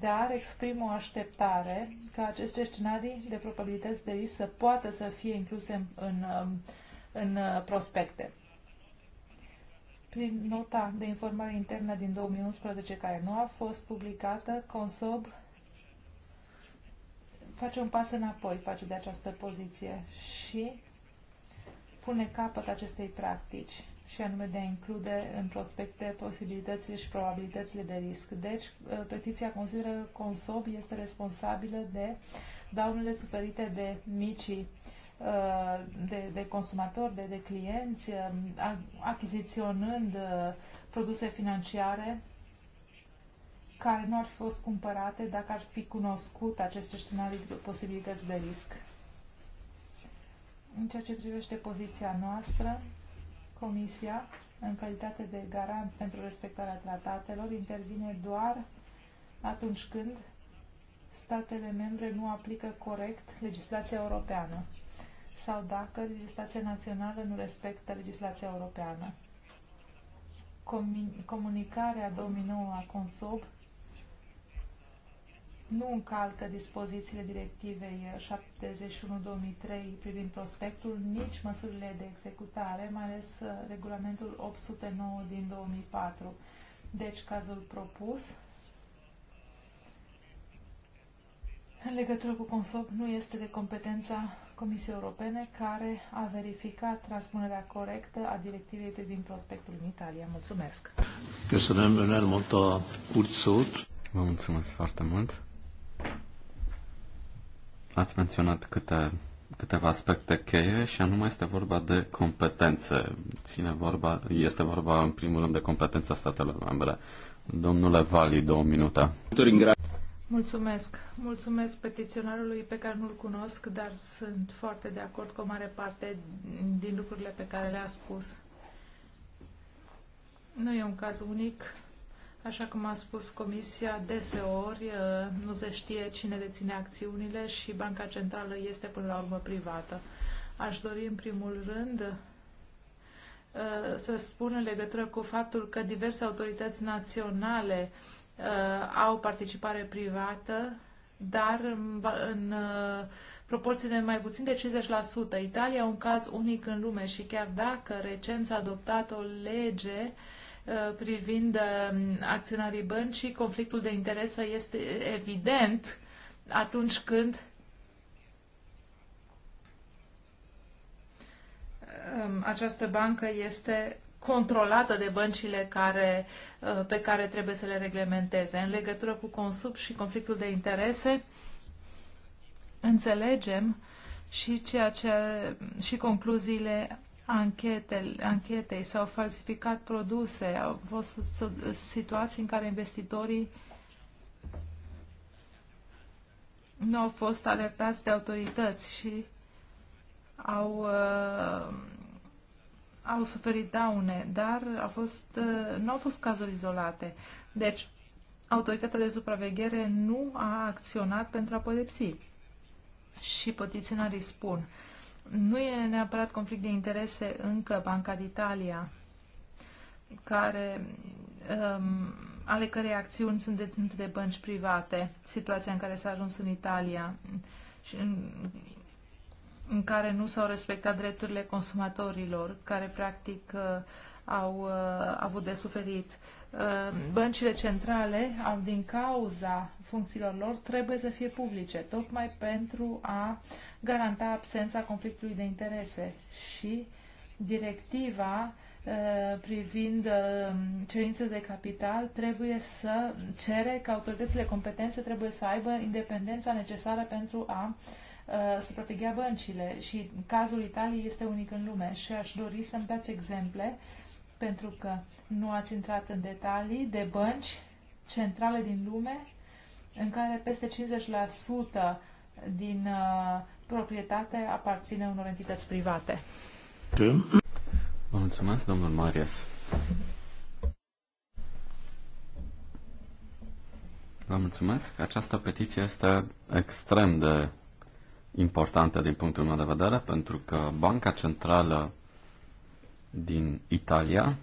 dar exprimă o așteptare ca aceste scenarii de probabilități de risc să poată să fie incluse în, în, în uh, prospecte. Prin nota de informare internă din 2011, care nu a fost publicată, Consob face un pas înapoi face de această poziție și pune capăt acestei practici și anume de a include în prospecte posibilitățile și probabilitățile de risc. Deci, ă, petiția consideră că Consob este responsabilă de daunele suferite de micii Uh, de, de consumatori, de, de clienți, um, achiziționând uh, produse financiare care nu ar fi fost cumpărate dacă ar fi cunoscut aceste scenarii de posibilități de risc. În ceea ce privește poziția noastră, Comisia, în calitate de garant pentru respectarea tratatelor, intervine doar atunci când statele membre nu aplică corect legislația europeană sau dacă legislația națională nu respectă legislația europeană. Comunicarea 2009 a Consob nu încalcă dispozițiile directivei 71-2003 privind prospectul, nici măsurile de executare, mai ales uh, regulamentul 809 din 2004. Deci, cazul propus în legătură cu Consob, nu este de competența Comisiei Europene care a verificat transpunerea corectă a directivei privind prospectul în Italia. Mulțumesc! Vă mulțumesc foarte mult. Ați menționat câte, câteva aspecte cheie și anume este vorba de competențe. Cine vorba, este vorba în primul rând de competența statelor membre. Domnule Vali, două minute. Mulțumesc. Mulțumesc petiționarului pe care nu-l cunosc, dar sunt foarte de acord cu o mare parte din lucrurile pe care le-a spus. Nu e un caz unic. Așa cum a spus Comisia, deseori uh, nu se știe cine deține acțiunile și Banca Centrală este până la urmă privată. Aș dori în primul rând uh, să spun în legătură cu faptul că diverse autorități naționale uh, Uh, au participare privată, dar în uh, proporții de mai puțin de 50%. Italia e un caz unic în lume și chiar dacă recent s-a adoptat o lege uh, privind um, acționarii băncii, conflictul de interese este evident atunci când um, această bancă este controlată de băncile care, uh, pe care trebuie să le reglementeze. În legătură cu consum și conflictul de interese, înțelegem și, ceea ce, și concluziile anchetei, anchetei s-au falsificat produse, au fost situații în care investitorii nu au fost alertați de autorități și au uh, au suferit daune, dar a fost, uh, nu au fost cazuri izolate. Deci, autoritatea de supraveghere nu a acționat pentru a pedepsi. Și petiționarii spun, nu e neapărat conflict de interese încă Banca d'Italia, care, um, ale cărei acțiuni sunt deținute de bănci private, situația în care s-a ajuns în Italia și în în care nu s-au respectat drepturile consumatorilor, care practic uh, au uh, avut de suferit. Uh, băncile centrale, au, din cauza funcțiilor lor, trebuie să fie publice, tocmai pentru a garanta absența conflictului de interese și directiva privind cerințe de capital trebuie să cere că autoritățile competențe trebuie să aibă independența necesară pentru a uh, Uh, supraveghea băncile și cazul Italiei este unic în lume și aș dori să-mi dați exemple pentru că nu ați intrat în detalii de bănci centrale din lume în care peste 50% din uh, proprietate aparține unor entități private. Vă mulțumesc, domnul Marias. Vă mulțumesc. Această petiție este extrem de importantă din punctul meu de vedere, pentru că Banca Centrală din Italia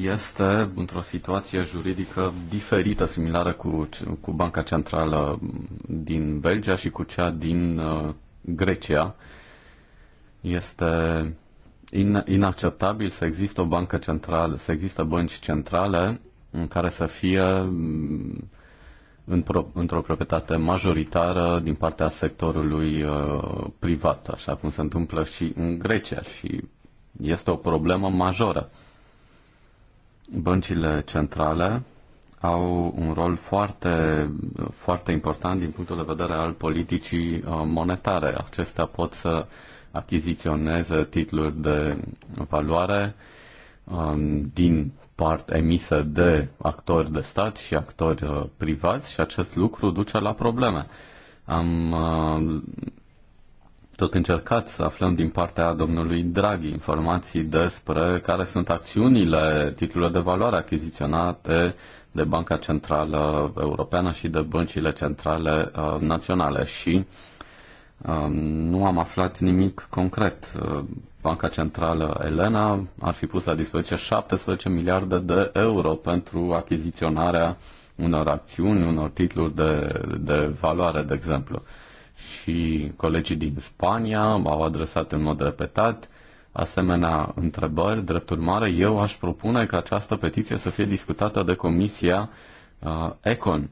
este într-o situație juridică diferită, similară cu, cu Banca Centrală din Belgia și cu cea din uh, Grecia. Este inacceptabil să există o bancă centrală, să există bănci centrale în care să fie mm, într-o proprietate majoritară din partea sectorului uh, privat, așa cum se întâmplă și în Grecia și este o problemă majoră. Băncile centrale au un rol foarte, foarte important din punctul de vedere al politicii uh, monetare. Acestea pot să achiziționeze titluri de valoare um, din part emise de actori de stat și actori uh, privați și acest lucru duce la probleme. Am uh, tot încercat să aflăm din partea domnului Draghi informații despre care sunt acțiunile, titlurile de valoare achiziționate de Banca Centrală Europeană și de băncile centrale uh, naționale și nu am aflat nimic concret. Banca Centrală Elena ar fi pus la dispoziție 17 miliarde de euro pentru achiziționarea unor acțiuni, unor titluri de, de valoare, de exemplu. Și colegii din Spania au adresat în mod repetat asemenea întrebări. Drept urmare, eu aș propune ca această petiție să fie discutată de Comisia uh, Econ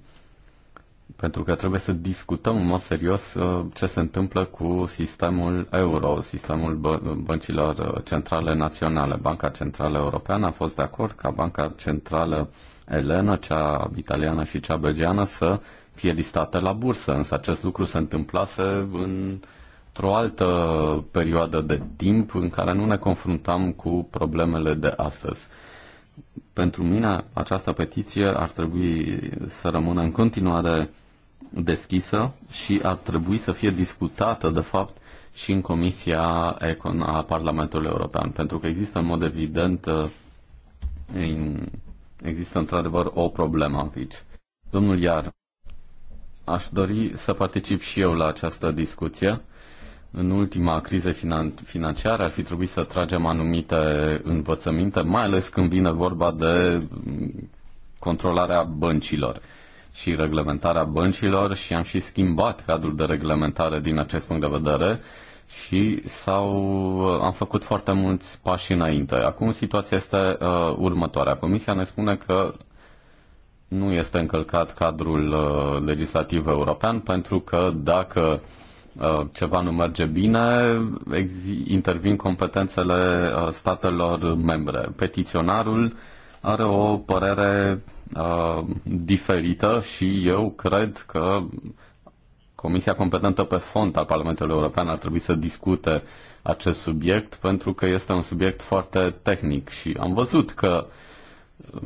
pentru că trebuie să discutăm în mod serios uh, ce se întâmplă cu sistemul euro, sistemul băncilor centrale naționale. Banca Centrală Europeană a fost de acord ca Banca Centrală Elenă, cea italiană și cea belgiană să fie listată la bursă, însă acest lucru se întâmplase în într-o altă perioadă de timp în care nu ne confruntam cu problemele de astăzi. Pentru mine, această petiție ar trebui să rămână în continuare deschisă și ar trebui să fie discutată, de fapt, și în Comisia Econ a Parlamentului European, pentru că există, în mod evident, uh, există într-adevăr o problemă aici. Domnul Iar, aș dori să particip și eu la această discuție. În ultima criză finan- financiară ar fi trebuit să tragem anumite învățăminte, mai ales când vine vorba de mm, controlarea băncilor și reglementarea băncilor și am și schimbat cadrul de reglementare din acest punct de vedere și sau am făcut foarte mulți pași înainte. Acum situația este uh, următoarea. Comisia ne spune că nu este încălcat cadrul uh, legislativ european pentru că dacă uh, ceva nu merge bine, intervin competențele uh, statelor membre. Petiționarul are o părere Uh, diferită și eu cred că Comisia competentă pe fond al Parlamentului European ar trebui să discute acest subiect pentru că este un subiect foarte tehnic și am văzut că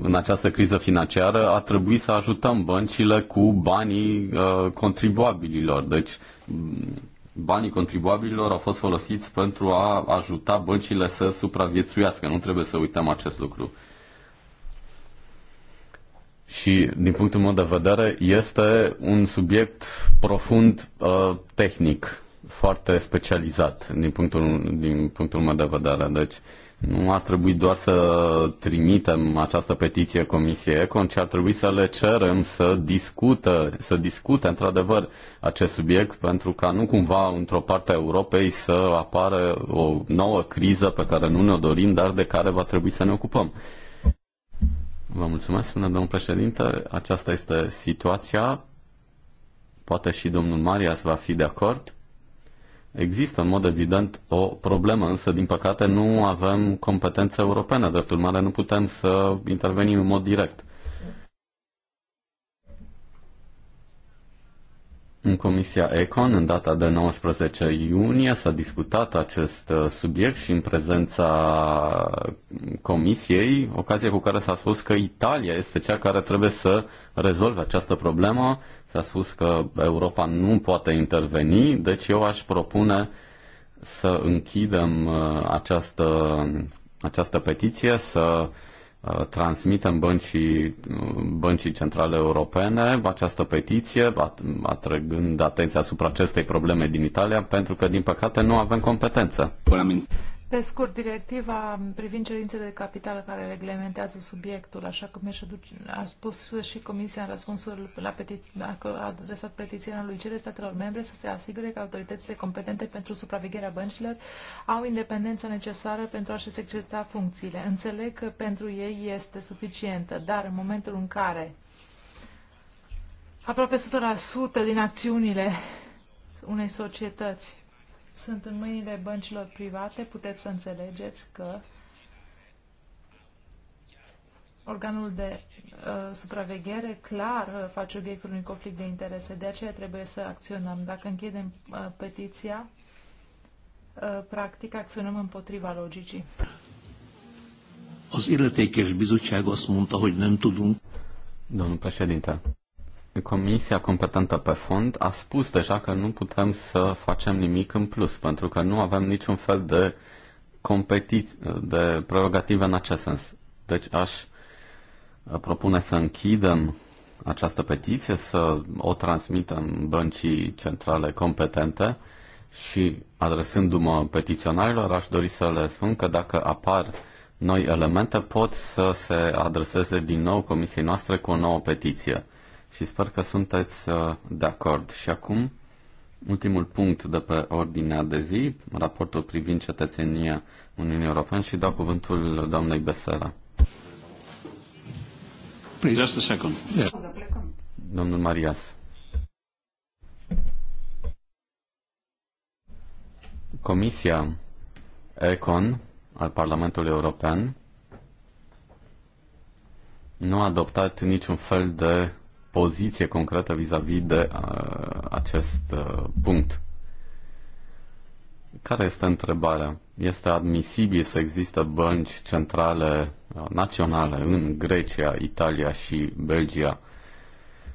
în această criză financiară a trebuit să ajutăm băncile cu banii uh, contribuabililor. Deci banii contribuabililor au fost folosiți pentru a ajuta băncile să supraviețuiască. Nu trebuie să uităm acest lucru și, din punctul meu de vedere, este un subiect profund uh, tehnic, foarte specializat, din punctul, din punctul meu de vedere. Deci, nu ar trebui doar să trimitem această petiție Comisiei Econ, ci ar trebui să le cerem să discute, să discute într-adevăr acest subiect, pentru ca nu cumva într-o parte a Europei să apară o nouă criză pe care nu ne-o dorim, dar de care va trebui să ne ocupăm. Vă mulțumesc, spune domnul președinte. Aceasta este situația. Poate și domnul Marias va fi de acord. Există, în mod evident, o problemă, însă, din păcate, nu avem competențe europene. Drept urmare, nu putem să intervenim în mod direct. În Comisia Econ, în data de 19 iunie, s-a discutat acest uh, subiect și în prezența Comisiei, ocazie cu care s-a spus că Italia este cea care trebuie să rezolve această problemă. S-a spus că Europa nu poate interveni, deci eu aș propune să închidem uh, această, această petiție, să Uh, transmitem băncii, uh, băncii centrale europene această petiție, atrăgând atenția asupra acestei probleme din Italia, pentru că, din păcate, nu avem competență. Pe scurt, directiva privind cerințele de capital care reglementează subiectul, așa cum a spus și Comisia în răspunsul la petiția, adresat lui cere statelor membre să se asigure că autoritățile competente pentru supravegherea băncilor au independența necesară pentru a-și exercita funcțiile. Înțeleg că pentru ei este suficientă, dar în momentul în care aproape 100% din acțiunile unei societăți sunt în mâinile băncilor private, puteți să înțelegeți că organul de uh, supraveghere clar uh, face obiectul unui conflict de interese. De aceea trebuie să acționăm. Dacă închidem uh, petiția, uh, practic acționăm împotriva logicii. Az illetékes bizottság azt mondta, hogy nem tudunk. Domnul președinte, Comisia competentă pe fond a spus deja că nu putem să facem nimic în plus, pentru că nu avem niciun fel de competiți- de prerogative în acest sens. Deci aș uh, propune să închidem această petiție, să o transmitem băncii centrale competente și adresându-mă petiționarilor, aș dori să le spun că dacă apar noi elemente, pot să se adreseze din nou comisiei noastre cu o nouă petiție și sper că sunteți uh, de acord. Și acum, ultimul punct de pe ordinea de zi, raportul privind cetățenia Uniunii Europene și dau cuvântul doamnei Besera. Please. Just a second. Yeah. Domnul Marias. Comisia Econ al Parlamentului European nu a adoptat niciun fel de poziție concretă vis-a-vis -vis de uh, acest uh, punct. Care este întrebarea? Este admisibil să există bănci centrale uh, naționale în Grecia, Italia și Belgia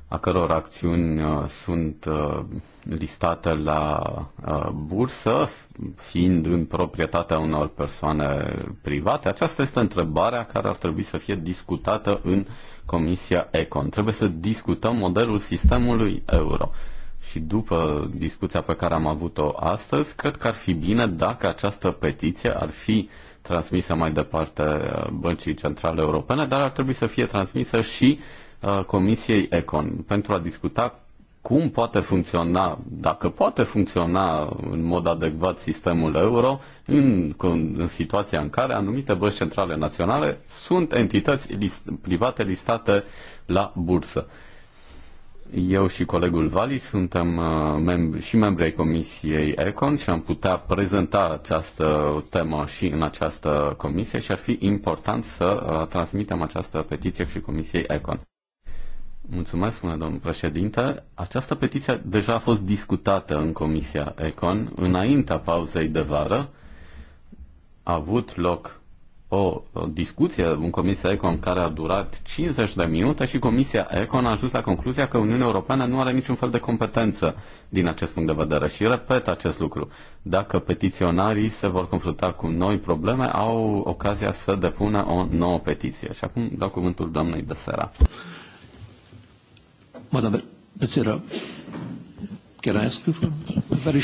a căror acțiuni uh, sunt uh, listate la uh, bursă, fiind în proprietatea unor persoane private? Aceasta este întrebarea care ar trebui să fie discutată în Comisia Econ. Trebuie să discutăm modelul sistemului euro. Și după discuția pe care am avut-o astăzi, cred că ar fi bine dacă această petiție ar fi transmisă mai departe Băncii Centrale Europene, dar ar trebui să fie transmisă și Uh, Comisiei Econ pentru a discuta cum poate funcționa, dacă poate funcționa în mod adecvat sistemul euro în, în situația în care anumite bănci centrale naționale sunt entități list, private listate la bursă. Eu și colegul Vali suntem uh, mem- și membri ai Comisiei Econ și am putea prezenta această temă și în această comisie și ar fi important să uh, transmitem această petiție și Comisiei Econ. Mulțumesc, mână, domnul președinte. Această petiție deja a fost discutată în Comisia Econ înaintea pauzei de vară. A avut loc o discuție în Comisia Econ care a durat 50 de minute și Comisia Econ a ajuns la concluzia că Uniunea Europeană nu are niciun fel de competență din acest punct de vedere. Și repet acest lucru. Dacă petiționarii se vor confrunta cu noi probleme, au ocazia să depună o nouă petiție. Și acum dau cuvântul doamnei Besera. Madame Becerra, can I ask you for a very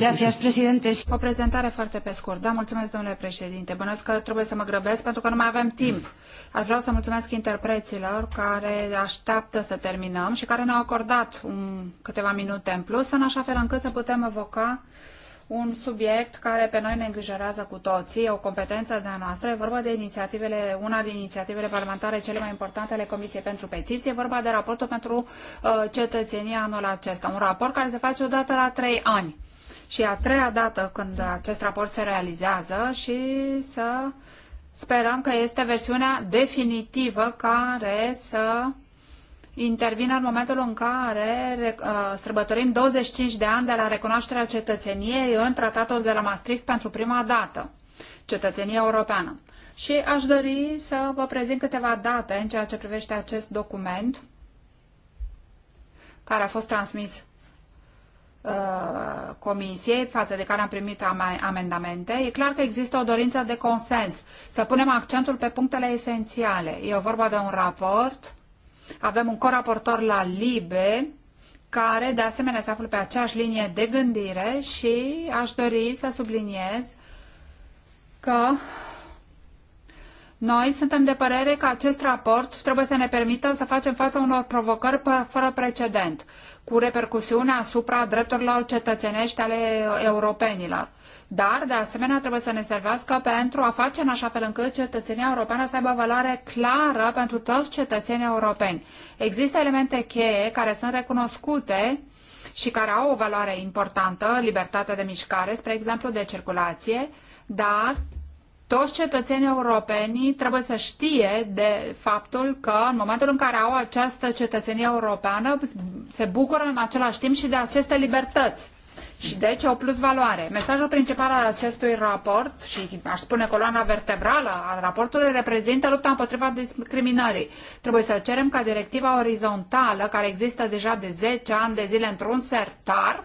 Gracias, presidente. O prezentare foarte pe scurt. Da, mulțumesc, domnule președinte. Bănuiesc că trebuie să mă grăbesc pentru că nu mai avem timp. Aș vrea să mulțumesc interpreților care așteaptă să terminăm și care ne-au acordat un, câteva minute în plus, în așa fel încât să putem evoca un subiect care pe noi ne îngrijorează cu toții, o competență de-a noastră. E vorba de inițiativele, una din inițiativele parlamentare cele mai importante ale Comisiei pentru Petiție, e vorba de raportul pentru uh, cetățenie anul acesta, un raport care se face odată la trei ani. Și a treia dată când acest raport se realizează și să sperăm că este versiunea definitivă care să intervine în momentul în care uh, sărbătorim 25 de ani de la recunoașterea cetățeniei în tratatul de la Maastricht pentru prima dată, cetățenie europeană. Și aș dori să vă prezint câteva date în ceea ce privește acest document care a fost transmis uh, comisiei față de care am primit amendamente, e clar că există o dorință de consens, să punem accentul pe punctele esențiale. E vorba de un raport avem un coraportor la LIBE, care de asemenea se află pe aceeași linie de gândire și aș dori să subliniez că noi suntem de părere că acest raport trebuie să ne permită să facem față unor provocări fără precedent cu repercusiune asupra drepturilor cetățenești ale europenilor. Dar, de asemenea, trebuie să ne servească pentru a face în așa fel încât cetățenia europeană să aibă valoare clară pentru toți cetățenii europeni. Există elemente cheie care sunt recunoscute și care au o valoare importantă, libertatea de mișcare, spre exemplu, de circulație, dar toți cetățenii europeni trebuie să știe de faptul că în momentul în care au această cetățenie europeană se bucură în același timp și de aceste libertăți. Și deci o plus valoare. Mesajul principal al acestui raport și aș spune coloana vertebrală al raportului reprezintă lupta împotriva discriminării. Trebuie să cerem ca directiva orizontală care există deja de zece ani de zile într-un sertar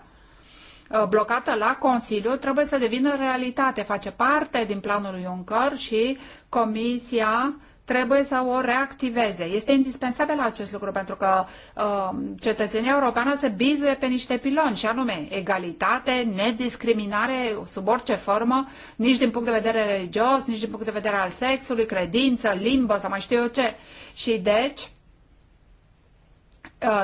Uh, blocată la Consiliu trebuie să devină realitate. Face parte din planul Juncker și Comisia trebuie să o reactiveze. Este indispensabil acest lucru pentru că uh, cetățenia europeană se bizuie pe niște piloni și anume egalitate, nediscriminare sub orice formă, nici din punct de vedere religios, nici din punct de vedere al sexului, credință, limbă sau mai știu eu ce. Și deci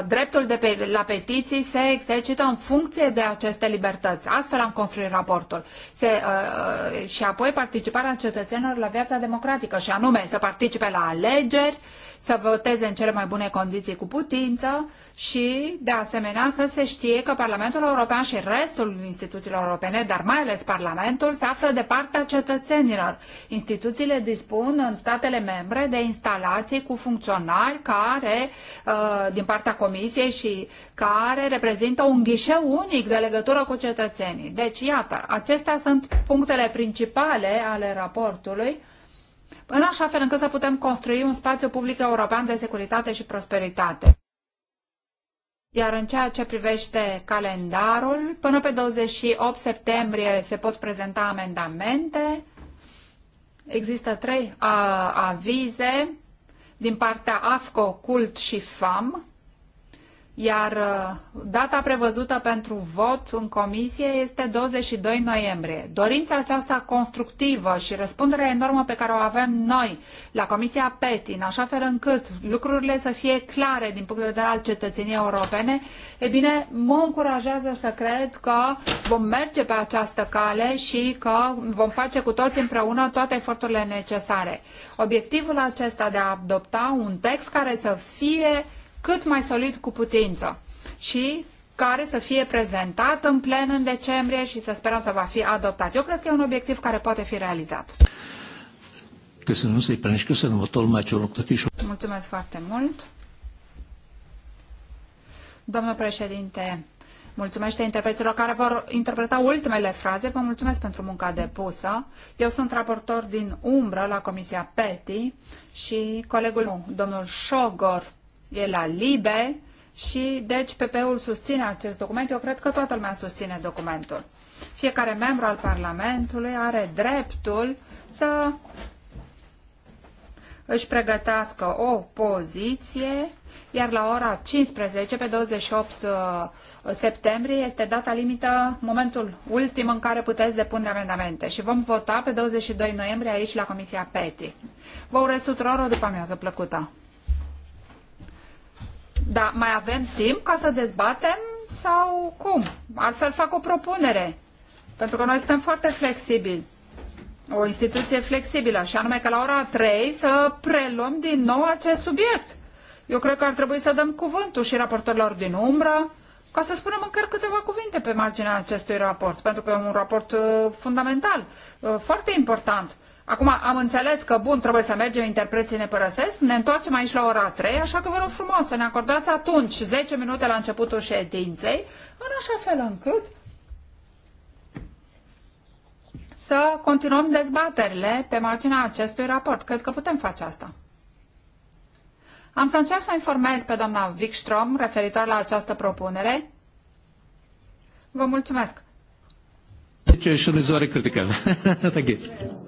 dreptul de pe, la petiții se exercită în funcție de aceste libertăți. Astfel am construit raportul. Se, uh, uh, și apoi participarea cetățenilor la viața democratică, și anume să participe la alegeri, să voteze în cele mai bune condiții cu putință și, de asemenea, să se știe că Parlamentul European și restul instituțiilor europene, dar mai ales Parlamentul, se află de partea cetățenilor. Instituțiile dispun în statele membre de instalații cu funcționari care, uh, din partea partea Comisiei și care reprezintă un ghișeu unic de legătură cu cetățenii. Deci, iată, acestea sunt punctele principale ale raportului, în așa fel încât să putem construi un spațiu public european de securitate și prosperitate. Iar în ceea ce privește calendarul, până pe 28 septembrie se pot prezenta amendamente. Există trei avize din partea AFCO, CULT și FAM iar uh, data prevăzută pentru vot în comisie este 22 noiembrie. Dorința aceasta constructivă și răspunderea enormă pe care o avem noi la Comisia PETI, în așa fel încât lucrurile să fie clare din punct de vedere al cetățeniei europene, e bine, mă încurajează să cred că vom merge pe această cale și că vom face cu toți împreună toate eforturile necesare. Obiectivul acesta de a adopta un text care să fie cât mai solid cu putință și care să fie prezentat în plen în decembrie și să sperăm să va fi adoptat. Eu cred că e un obiectiv care poate fi realizat. Mulțumesc foarte mult. Domnul președinte, mulțumește interpreților care vor interpreta ultimele fraze. Vă mulțumesc pentru munca depusă. Eu sunt raportor din umbră la Comisia PETI și colegul meu, domnul Șogor, e la LIBE și deci PP-ul susține acest document. Eu cred că toată lumea susține documentul. Fiecare membru al Parlamentului are dreptul să își pregătească o poziție, iar la ora 15 pe 28 uh, septembrie este data limită, momentul ultim în care puteți depune amendamente și vom vota pe 22 noiembrie aici la Comisia PETI. Vă urez tuturor o după amiază plăcută! Dar mai avem timp ca să dezbatem sau cum? Altfel fac o propunere. Pentru că noi suntem foarte flexibili. O instituție flexibilă, și anume că la ora 3 să preluăm din nou acest subiect. Eu cred că ar trebui să dăm cuvântul și raportorilor din umbră, ca să spunem măcar câteva cuvinte pe marginea acestui raport, pentru că e un raport uh, fundamental, uh, foarte important Acum am înțeles că, bun, trebuie să mergem, interpreții ne părăsesc, ne întoarcem aici la ora 3, așa că vă rog frumos să ne acordați atunci 10 minute la începutul ședinței, în așa fel încât să continuăm dezbaterile pe marginea acestui raport. Cred că putem face asta. Am să încerc să informez pe doamna Wikström referitor la această propunere. Vă mulțumesc. Deci, o critical. Thank you.